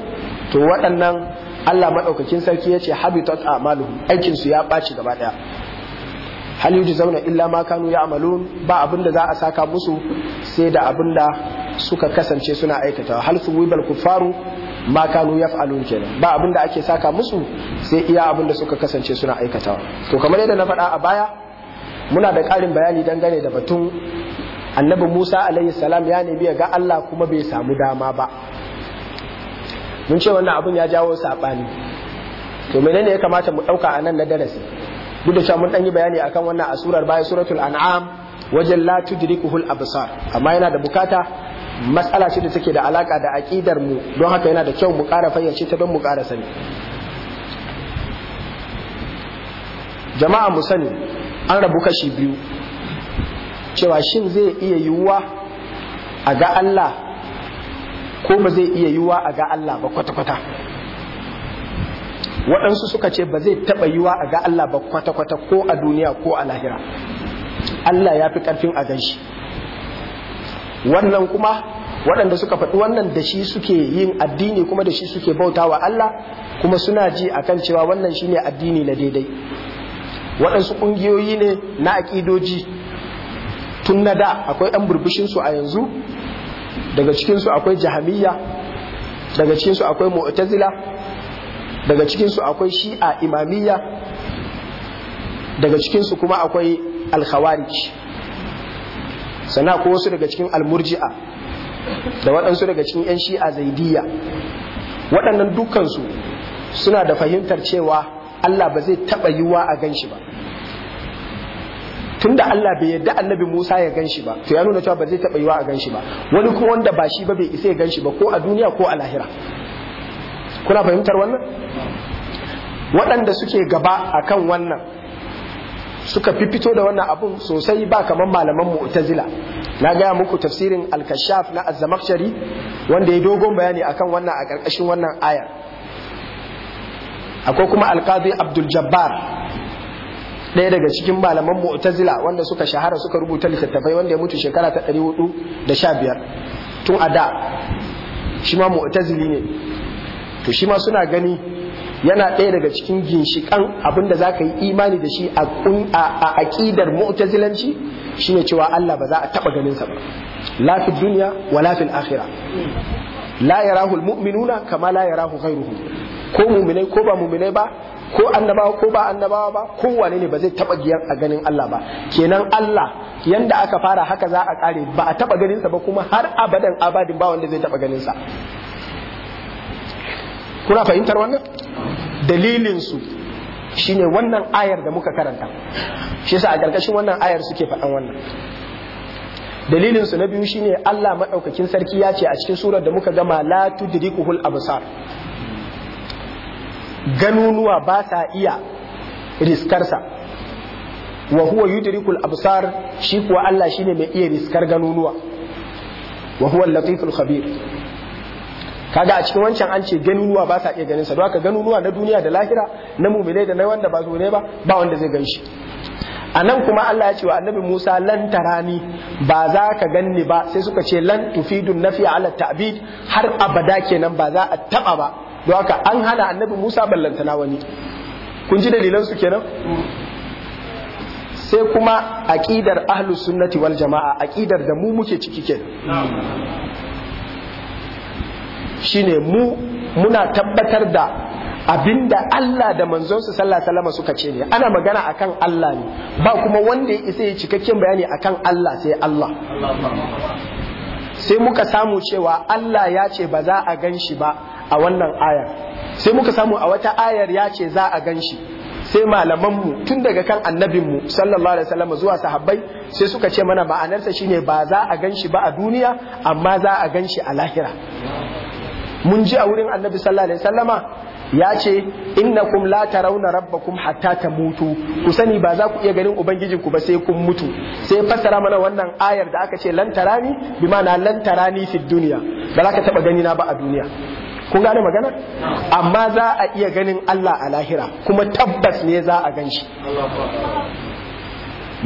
to waɗannan Allah madaukakin sarki yace habitat a'maluhum aikin su ya ɓaci gaba daya hal yujzauna illa ma kanu ya'malun ba abinda za a saka musu sai da abinda suka kasance suna aikatawa hal suwibal kuffaru ma kanu yaf'alun kenan ba abin da ake saka musu sai iya abin da suka kasance suna aikatawa to kamar yadda na faɗa a baya muna da ƙarin bayani dangane da batun annabi Musa alayhi salam ya nemi ya ga Allah kuma bai samu dama ba mun ce wannan abun ya jawo sabani to menene ya kamata mu ɗauka a nan na darasi duk da cewa mun ɗan yi bayani akan wannan a surar baya suratul an'am wajen la tudrikuhul absar amma yana da bukata matsala ce da take da alaka da aƙidar mu don haka yana da kyau mu ƙara fayyace ta don mu ƙara sani jama'a mu sani an rabu kashi biyu cewa shin zai iya yiwuwa a ga Allah ko ba zai iya yiwuwa a ga Allah ba kwata-kwata waɗansu suka ce ba zai taɓa yiwuwa a ga Allah ba kwata-kwata ko a duniya ko a lahira Allah ya fi ƙarfin a gan shi wannan kuma waɗanda suka faɗi wannan da shi suke yin addini kuma da shi suke bauta wa Allah kuma suna ji a kan cewa wannan shi ne addini na daidai waɗansu ƙungiyoyi ne na aƙidoji tun na da akwai ɗan burbushinsu a yanzu daga cikinsu akwai jahamiyya daga cikinsu akwai mu'tazila daga cikinsu akwai shi'a imamiyya daga cikinsu kuma akwai alkhawarij sana ko wasu daga cikin almurji'a da waɗansu daga cikin 'yan shi'a zaidiyya waɗannan dukansu suna da fahimtar cewa Allah ba zai taɓa yiwuwa a gan shi ba tunda Allah bai yadda annabi Musa ya gan shi ba to ya nuna cewa ba zai taɓa yiwa a gan shi ba wani kuma wanda ba shi ba bai isa ya gan shi ba ko a duniya ko a lahira kuna fahimtar wannan waɗanda suke gaba akan wannan suka fito da wannan abun sosai ba kamar malaman mu'tazila na gaya muku tafsirin al-kashaf na az-zamakhshari wanda ya dogon bayani akan wannan a karkashin wannan aya akwai kuma al-qadi abdul jabbar ɗaya daga cikin malaman mu'tazila wanda suka shahara suka rubuta littattafai wanda ya mutu shekara ta 415 tun a da shi ma mu'tazili ne to shi ma suna gani yana ɗaya daga cikin ginshikan abinda za ka yi imani da shi a aƙidar mu'tazilanci shine cewa Allah ba za a taɓa ganinsa ba lafi duniya wa lafi akhira la yarahu mu'minuna kama la yarahu ghayruhum ko mu'minai ko ba mu'minai ba ko annabawa ko ba annabawa ba kowane ne ba zai taɓa giyar a ganin Allah ba kenan Allah yanda aka fara haka za a kare ba a taɓa ganinsa ba kuma har abadan abadin ba wanda zai taɓa ganinsa kuna fahimtar wannan dalilinsu shine wannan ayar da muka karanta shi sa a ƙarƙashin wannan ayar suke faɗan wannan dalilinsu na biyu shine Allah maɗaukakin sarki ya ce a cikin surar da muka gama la tudrikuhul absar ganunuwa ba sa iya riskarsa wa huwa yudrikul absar shi kuwa Allah shine mai iya riskar ganunuwa wa huwa latiful khabir kaga a cikin wancan an ce ganunuwa ba sa iya ganin sa don haka ganunuwa na duniya da lahira na mu'minai da na wanda ba ne ba ba wanda zai gan shi a nan kuma Allah ya ce wa annabi Musa lan tarani ba za ka ganni ba sai suka ce lan tufidun nafi ala ta'bid har abada kenan ba za a taba ba don haka an hana annabi Musa ballantana wani kun ji dalilan su kenan sai kuma aqidar ahlus sunnati wal jamaa aqidar da mu muke ciki kenan shine mu muna tabbatar da abinda Allah da manzonsa sallallahu alaihi suka ce ne ana magana akan Allah ne ba kuma wanda ya isa ya cikakken bayani akan Allah sai Allah sai muka samu cewa Allah ya ce ba za a gan shi ba a wannan ayar sai muka samu a wata ayar ya ce za a gan shi sai malamanmu tun daga kan annabinmu sallallahu alaihi wasallam zuwa sahabbai sai suka ce mana ma'anarsa shine ba za a gan shi ba a duniya amma za a gan shi a lahira mun ji a wurin annabi sallallahu alaihi wasallama ya ce innakum la tarawna rabbakum hatta tamutu ku sani ba za ku iya ganin ubangijin ku ba sai kun mutu sai fassara mana wannan ayar da aka ce lan tarani bi ma'ana lan tarani fi duniya ba za ka taba gani na ba a duniya kun gane magana amma za a iya ganin Allah a lahira kuma tabbas ne za a gan shi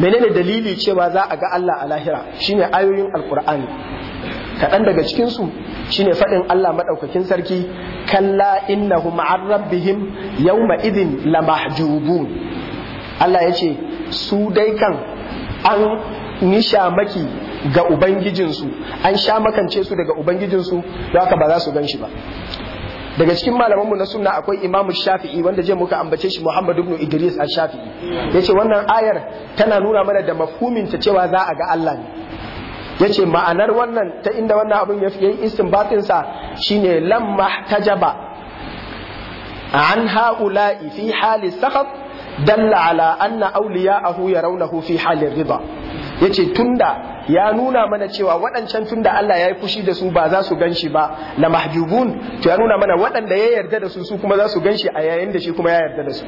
menene dalili cewa za a ga Allah a lahira shine ayoyin alkur'ani kaɗan daga cikinsu shine faɗin Allah maɗaukakin sarki kalla innahu an rabbihim yawma idin mahjubun Allah ya ce su dai kan an nisha maki ga ubangijinsu an sha makance su daga ubangijinsu don haka ba za su gan shi ba daga cikin malamanmu na sunna akwai imam shafi'i wanda je muka ambace shi muhammad ibn idris al shafi'i yace wannan ayar tana nuna mana da mafhumin ta cewa za a ga Allah ne yace ma'anar wannan ta inda wannan abin ya yi istinbatin sa shine lamma jaba. an haula'i fi hali sakat dalla ala anna awliya'ahu raunahu fi hali ya yace tunda ya nuna mana cewa waɗancan tunda Allah ya yi fushi da su ba za su gan shi ba na mahjubun to ya nuna mana waɗanda ya yarda da su su kuma za su gan shi a yayin da shi kuma ya yarda da su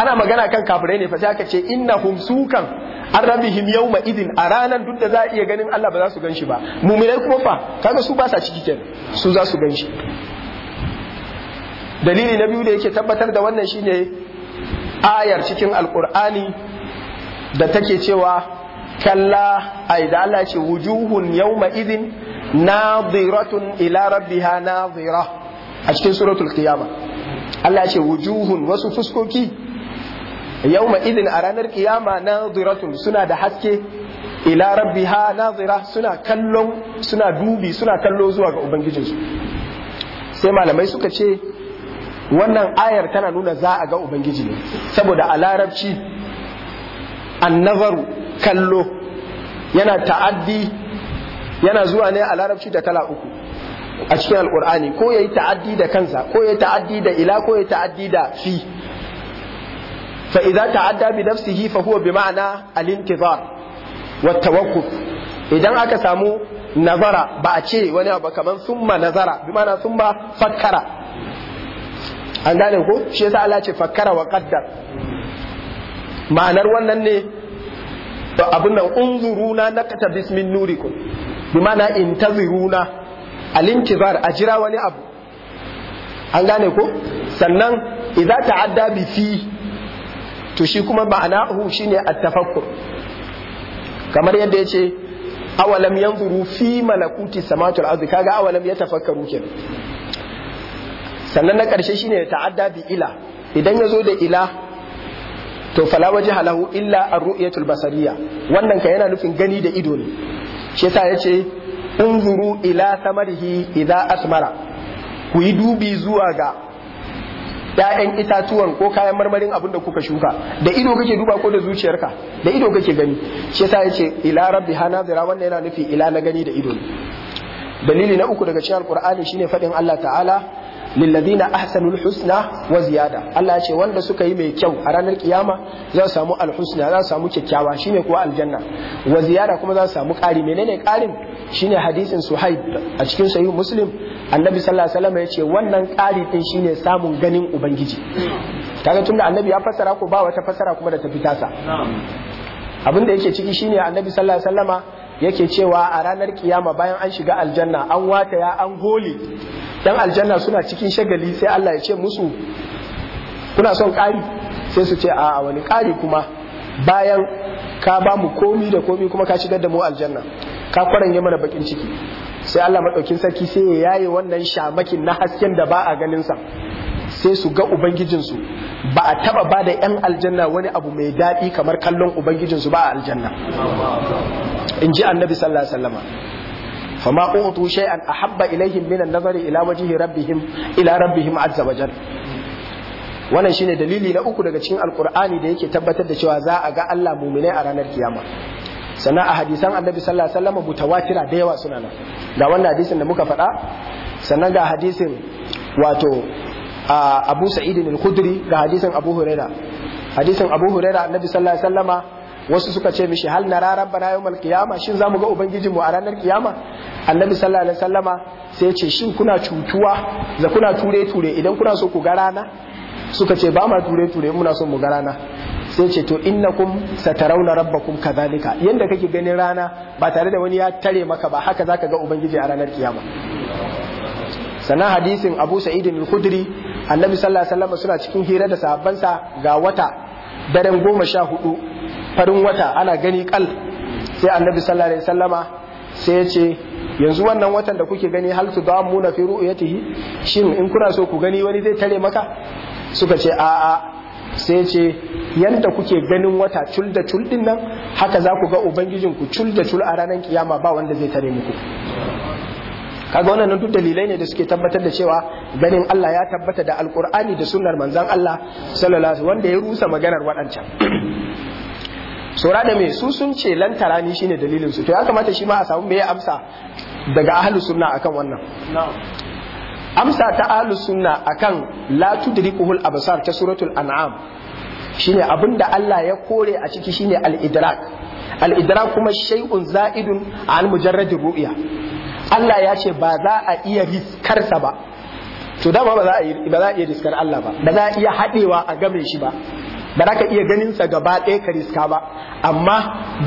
ana magana kan kafirai ne fa sai aka ce innahum sukan an rabbihim yawma idin a ranar duk da za a iya ganin Allah ba za su ganshi ba muminai kuma fa kaga su ba sa ciki kenan su za su ganshi dalili na biyu da yake tabbatar da wannan shine ayar cikin alkur'ani da take cewa kalla ai da Allah ce wujuhun yawma idin nadiratun ila rabbiha nadira a cikin suratul qiyama Allah ce wujuhun wasu fuskoki Yau idin a ranar kiyama Ziratun suna da haske ila na nazira suna kallon suna dubi suna kallo zuwa ga ubangijinsu sai malamai suka ce wannan ayar tana nuna za a ga ubangiji ne saboda a larabci annazaru kallo yana ta'addi yana zuwa ne a larabci da kala uku a cikin Alƙur'ani, ko yi ta'addi da kansa ko yi ta'addi da ila ko yi ta'addi da fi fa idza ta'adda bi nafsihi fa huwa bi ma'ana al-intizar wa idan aka samu nazara ba a ce wani abu kaman summa nazara bi mana summa fakkara an gane ko shi yasa Allah ce fakkara wa qaddar ma'anar wannan ne abin nan unzuruna nakata bismin nurikum bi mana intaziruna al-intizar a jira wani abu an gane ko sannan idza ta'adda bi fi to shi kuma ma'ana ma'anahu shine at-tafakkur kamar yadda yace awalam yanzuru fi malakuti samawati wal ardi kaga awalam yatafakkaru kenan sannan na karshe shine ta'adda bi ila idan yazo da ila to fala wajha lahu illa ar-ru'yatul basariyya wannan ka yana nufin gani da ido ne shi yasa yace unzuru ila samarihi idza asmara ku yi dubi zuwa ga 'ya'yan itatuwan ko kayan marmarin abin da kuka shuka da ido kake duba ko da zuciyarka da ido kake gani shi yasa yace ila rabbi hanazira wannan yana nufi ila na gani da ido dalili na uku daga cikin alqur'ani shine fadin Allah ta'ala lilladina ahsanul husna wa ziyada Allah ya ce wanda suka yi mai kyau a ranar kiyama za su samu alhusna za su samu kyakkyawa shine kuwa aljanna wa ziyada kuma za su samu ƙari menene ƙarin shine hadisin suhaib a cikin sahih muslim annabi sallallahu alaihi wasallam ya ce wannan ƙari din shine samun ganin ubangiji kaga tunda annabi ya fassara ko ba wata fassara kuma da tafi tasa abin da yake ciki shine annabi sallallahu alaihi wasallama yake cewa a ranar kiyama bayan an shiga aljanna an wata ya an gole dan aljanna suna cikin shagali sai Allah ya ce musu kuna son ƙari sai su ce a wani ƙari kuma bayan ka ba mu komi da komi kuma ka shigar da mu aljanna ka kwaran ya mana bakin ciki sai Allah madaukin sarki sai ya yaye wannan shamakin na hasken da ba a ganin sa sai su ga ubangijinsu ba a taba ba da 'yan aljanna wani abu mai daɗi kamar kallon ubangijinsu ba a aljanna in ji annabi sallallahu alaihi fama utu shay'an ahabba ilaihim min an-nazari ila wajhi rabbihim ila rabbihim azza wajal wannan shine dalili na uku daga cikin alqur'ani da yake tabbatar da cewa za a ga Allah muminai a ranar kiyama sana a hadisan annabi sallallahu alaihi wasallam mutawatira da yawa suna nan ga wannan hadisin da muka faɗa sannan ga hadisin wato Abu Sa'id al-Khudri ga hadisin Abu Huraira hadisin Abu Huraira annabi sallallahu alaihi wasallama wasu suka ce mishi hal na ranar bana kiyama shin zamu ga ubangijin mu a ranar kiyama annabi sallallahu alaihi wasallama sai ce shin kuna cutuwa da kuna ture ture idan kuna so ku ga rana suka ce ba ma ture ture muna so mu ga rana sai ce to innakum satarawna rabbakum kadhalika yanda kake ganin rana ba tare da wani ya tare maka ba haka zaka ga ubangiji a ranar kiyama sanan hadisin Abu Sa'id al-Khudri Annabi sallallahu alaihi wasallam suna cikin hira da sahabbansa ga wata daren goma sha hudu farin wata ana gani kal sai Annabi sallallahu alaihi wasallama sai ya ce yanzu wannan watan da kuke gani hal tudamuna fi ru'yatihi shin in kuna so ku gani wani zai tare maka suka ce a'a sai ce yadda kuke ganin wata cul da cul din nan haka za ku ga ubangijin ku cul da cul a ranar kiyama ba wanda zai tare muku kaga wannan duk dalilai ne da suke tabbatar da cewa ganin Allah ya tabbata da alkur'ani da sunnar manzan Allah sallallahu wanda ya rusa maganar waɗancan <clears throat> saura da me su sun ce lantara ni shine dalilin su to ya kamata shi ma a samu mai amsa daga ahlus sunna akan wannan amsa ta ahlus sunna akan la tudrikuhul absar ta suratul an'am shine abinda Allah ya kore a ciki shine al-idrak al-idrak kuma shay'un za'idun an mujarradir ru'ya Allah ya ce ba za a iya sa ba to dama ba za a iya riskar Allah ba ba za a iya haɗewa a game shi ba ba za ka iya ganin sa gaba ɗaya ka riska ba amma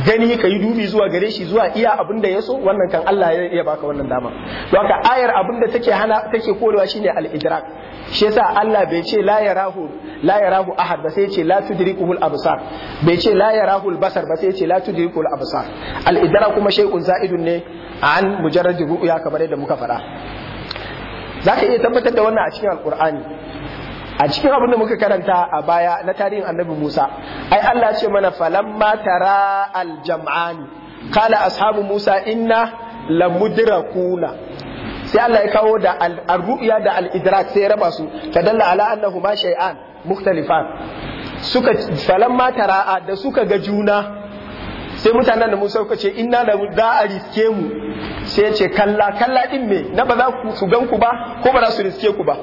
gani ka yi dubi zuwa gare shi zuwa iya abin da ya so wannan kan Allah ya iya baka wannan dama don haka ayar abin da take hana take korewa shine al-idrak shi yasa Allah bai ce la yarahu la yarahu ahad ba sai ya ce la tudrikuhu al-absar bai ce la yarahu al-basar ba sai ya ce la tudrikuhu al-absar al-idrak kuma shay'un za'idun ne an mujarrad ru'ya kamar yadda muka faɗa zaka iya tabbatar da wannan a cikin alqur'ani a cikin abin da muka karanta a baya na tarihin annabi Musa ai Allah ce mana falamma tara aljam'ani qala ashabu Musa inna lamudrakuna sai Allah ya kawo da al-ru'ya da al-idrak sai ya raba su tadalla ala annahuma shay'an mukhtalifan suka falamma tara'a da suka ga juna sai mutanen da mu suka ce inna da za a riske mu sai ya ce kalla kalla din me na ba za ku su gan ku ba ko ba za su riske ku ba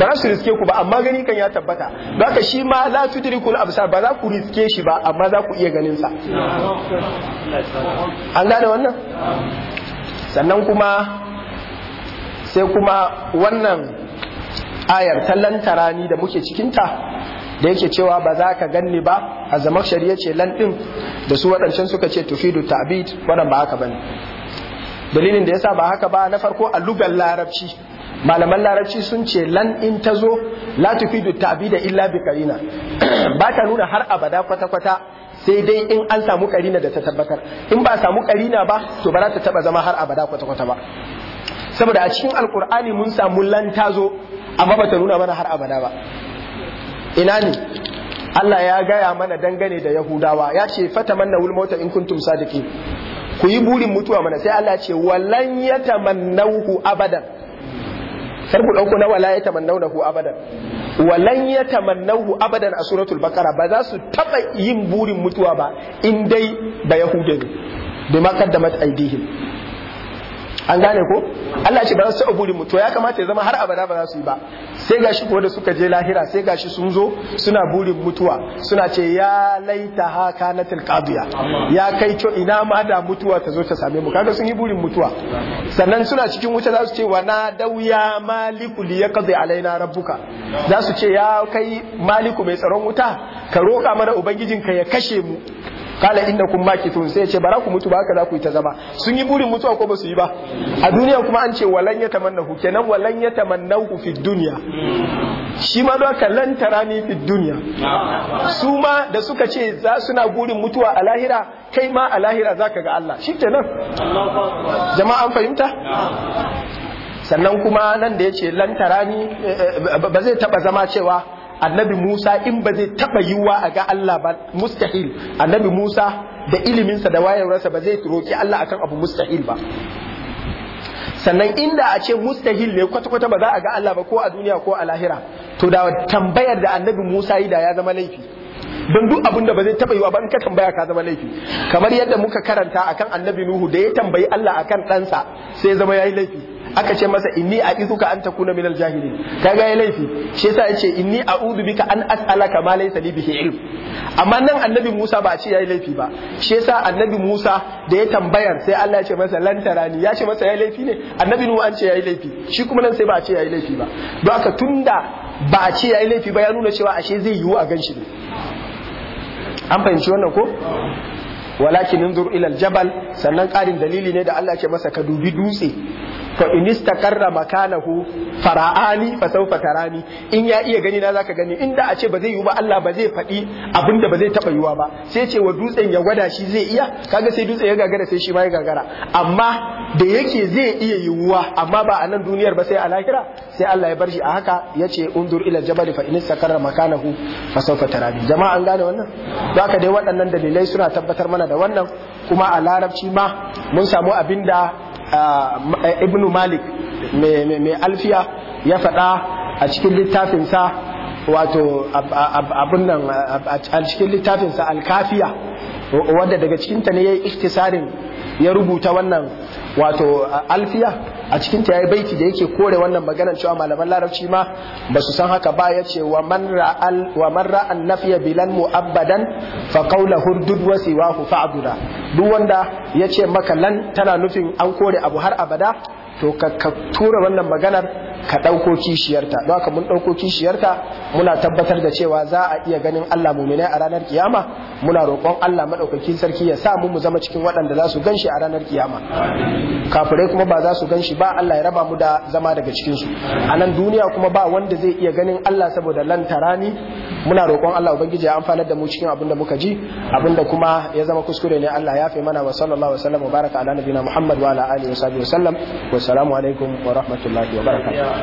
ba za su riske ku ba amma gani kan ya tabbata ka shi ma la tudrikul abisa ba za ku riske shi ba amma za ku iya ganin sa an gane wannan sannan kuma sai kuma wannan ayar tallan tarani da muke cikinta da yake cewa ba za ka ganni ba a zamakshari shari'a ce lan ɗin da su waɗancan suka ce tufidu ta'bid wannan ba haka bane dalilin da ya sa ba haka ba na farko a lugar larabci malaman larabci sun ce lan in ta zo la tufidu da illa bi karina <clears throat> ba ta nuna har abada kwata kwata sai dai in an samu karina da ta tabbatar in ba samu karina ba to ba za ta taba zama har abada kwata kwata ba saboda a cikin alkur'ani mun samu lan ta zo amma ba ta nuna mana har abada ba ina ne Allah ya gaya mana dangane da Yahudawa ya ce fatamanna wul mauta in kuntum sadiqin ku yi burin mutuwa mana sai Allah ya ce walan yatamannahu abadan kar ku dauko na wala yatamannawnahu abadan walan yatamannahu abadan a suratul baqara ba za su taba yin burin mutuwa ba in dai da yahudawa ne bima qaddamat aidihim an gane ko Allah ce ba za su abu burin to ya kamata ya zama har abada ba za su yi ba sai gashi ko da suka je lahira sai gashi sun zo suna burin mutuwa suna ce ya laita ha kanatil qadiya ya kai co ina ma da mutuwa ta zo ta same mu kaga sun yi burin mutuwa sannan suna cikin wuta za su ce wa na dauya maliku li yaqdi alaina rabbuka za su ce ya kai maliku mai tsaron wuta ka roka mana ubangijinka ya kashe mu kala inda kun baki tun sai ya ce bara ku mutu ba haka za ku yi ta zama sun yi burin mutuwa ko ba su yi ba a duniya kuma an ce walan ya tamannahu kenan walan ya tamannahu fi duniya shi ma don ka lantara ni fi duniya su ma da suka ce za suna burin mutuwa a lahira kai ma a lahira za ka ga Allah shi nan jama'a an fahimta sannan kuma nan da ya ce lantara ni eh, eh, ba zai taba zama cewa annabi Musa in ba zai taba yiwa a ga Allah ba mustahil annabi Musa da iliminsa da rasa ba zai roki Allah akan abu mustahil ba sannan inda a ce mustahil ne kwata-kwata ba za a ga Allah ba ko a duniya ko a lahira to da tambayar da annabi Musa yi da ya zama laifi don duk abin da ba zai taba yiwa ba in ka tambaya ka zama laifi kamar yadda muka karanta akan annabi Nuhu da ya tambayi Allah akan ɗansa sai ya zama yayi laifi aka ce masa inni a izuka an takuna minal jahilin kaga ya laifi shi yasa yace inni a'udhu bika an as'alaka ma laysa li bihi ilm amma nan annabi Musa ba a ce yayi laifi ba shi yasa annabi Musa da ya tambayar sai Allah ya ce masa lan tarani ya ce masa yayi laifi ne annabi Nuhu an ce yayi laifi shi kuma nan sai ba a ce yayi laifi ba don tun tunda ba a ce yayi laifi ba ya nuna cewa ashe zai yiwu a gan shi ne an fahimci wannan ko walakin inzur ilal Jabal sannan karin dalili ne da Allah ya ce masa ka dubi dutse fa in istaqarra makanahu fara'ani fa sawfa tarani in ya iya gani na zaka gani inda a ce ba zai yi ba Allah ba zai faɗi abinda ba zai taba yiwa ba sai ce wa dutsen ya gwada shi zai iya kaga sai dutsen ya gagara sai shi ma ya gagara amma da yake zai iya yiwuwa amma ba a nan duniyar ba sai a lahira sai Allah ya bar shi a haka yace undur ila jabal fa in istaqarra makanahu fa sawfa tarani jama'a an gane wannan zaka dai waɗannan dalilai suna tabbatar mana da wannan kuma a larabci ma mun samu abinda ibn malik mai alfiya ya faɗa a cikin littafinsa wato abun a cikin littafinsa alkafiya wadda daga cikinta ne ya yi iktisarin ya rubuta wannan wato alfiya a cikin ta yayi baiti da yake kore wannan maganar cewa malaman larabci ma ba su san haka ba ya ce wa man ra'al wa man ra'a nafiya bilan mu'abbadan fa qawluhu dud wa siwahu fa'buda duk wanda yace maka lan tana nufin an kore abu har abada to ka tura wannan maganar ka dauko kishiyarta don haka mun dauko kishiyarta muna tabbatar da cewa za a iya ganin Allah muminai a ranar kiyama muna roƙon Allah maɗaukakin sarki ya sa mu mu zama cikin waɗanda za su ganshi a ranar kiyama kafirai kuma ba za su gan shi ba Allah ya raba mu da zama daga cikin su a nan duniya kuma ba wanda zai iya ganin Allah saboda lantara ni muna roƙon Allah ubangiji ya amfana da mu cikin abin da muka ji abin da kuma ya zama kuskure ne Allah ya fi mana wa sallallahu alaihi baraka ala nabiyina Muhammad wa ala alihi wa sahbihi wa sallam wa alaikum wa rahmatullahi wa barakatuh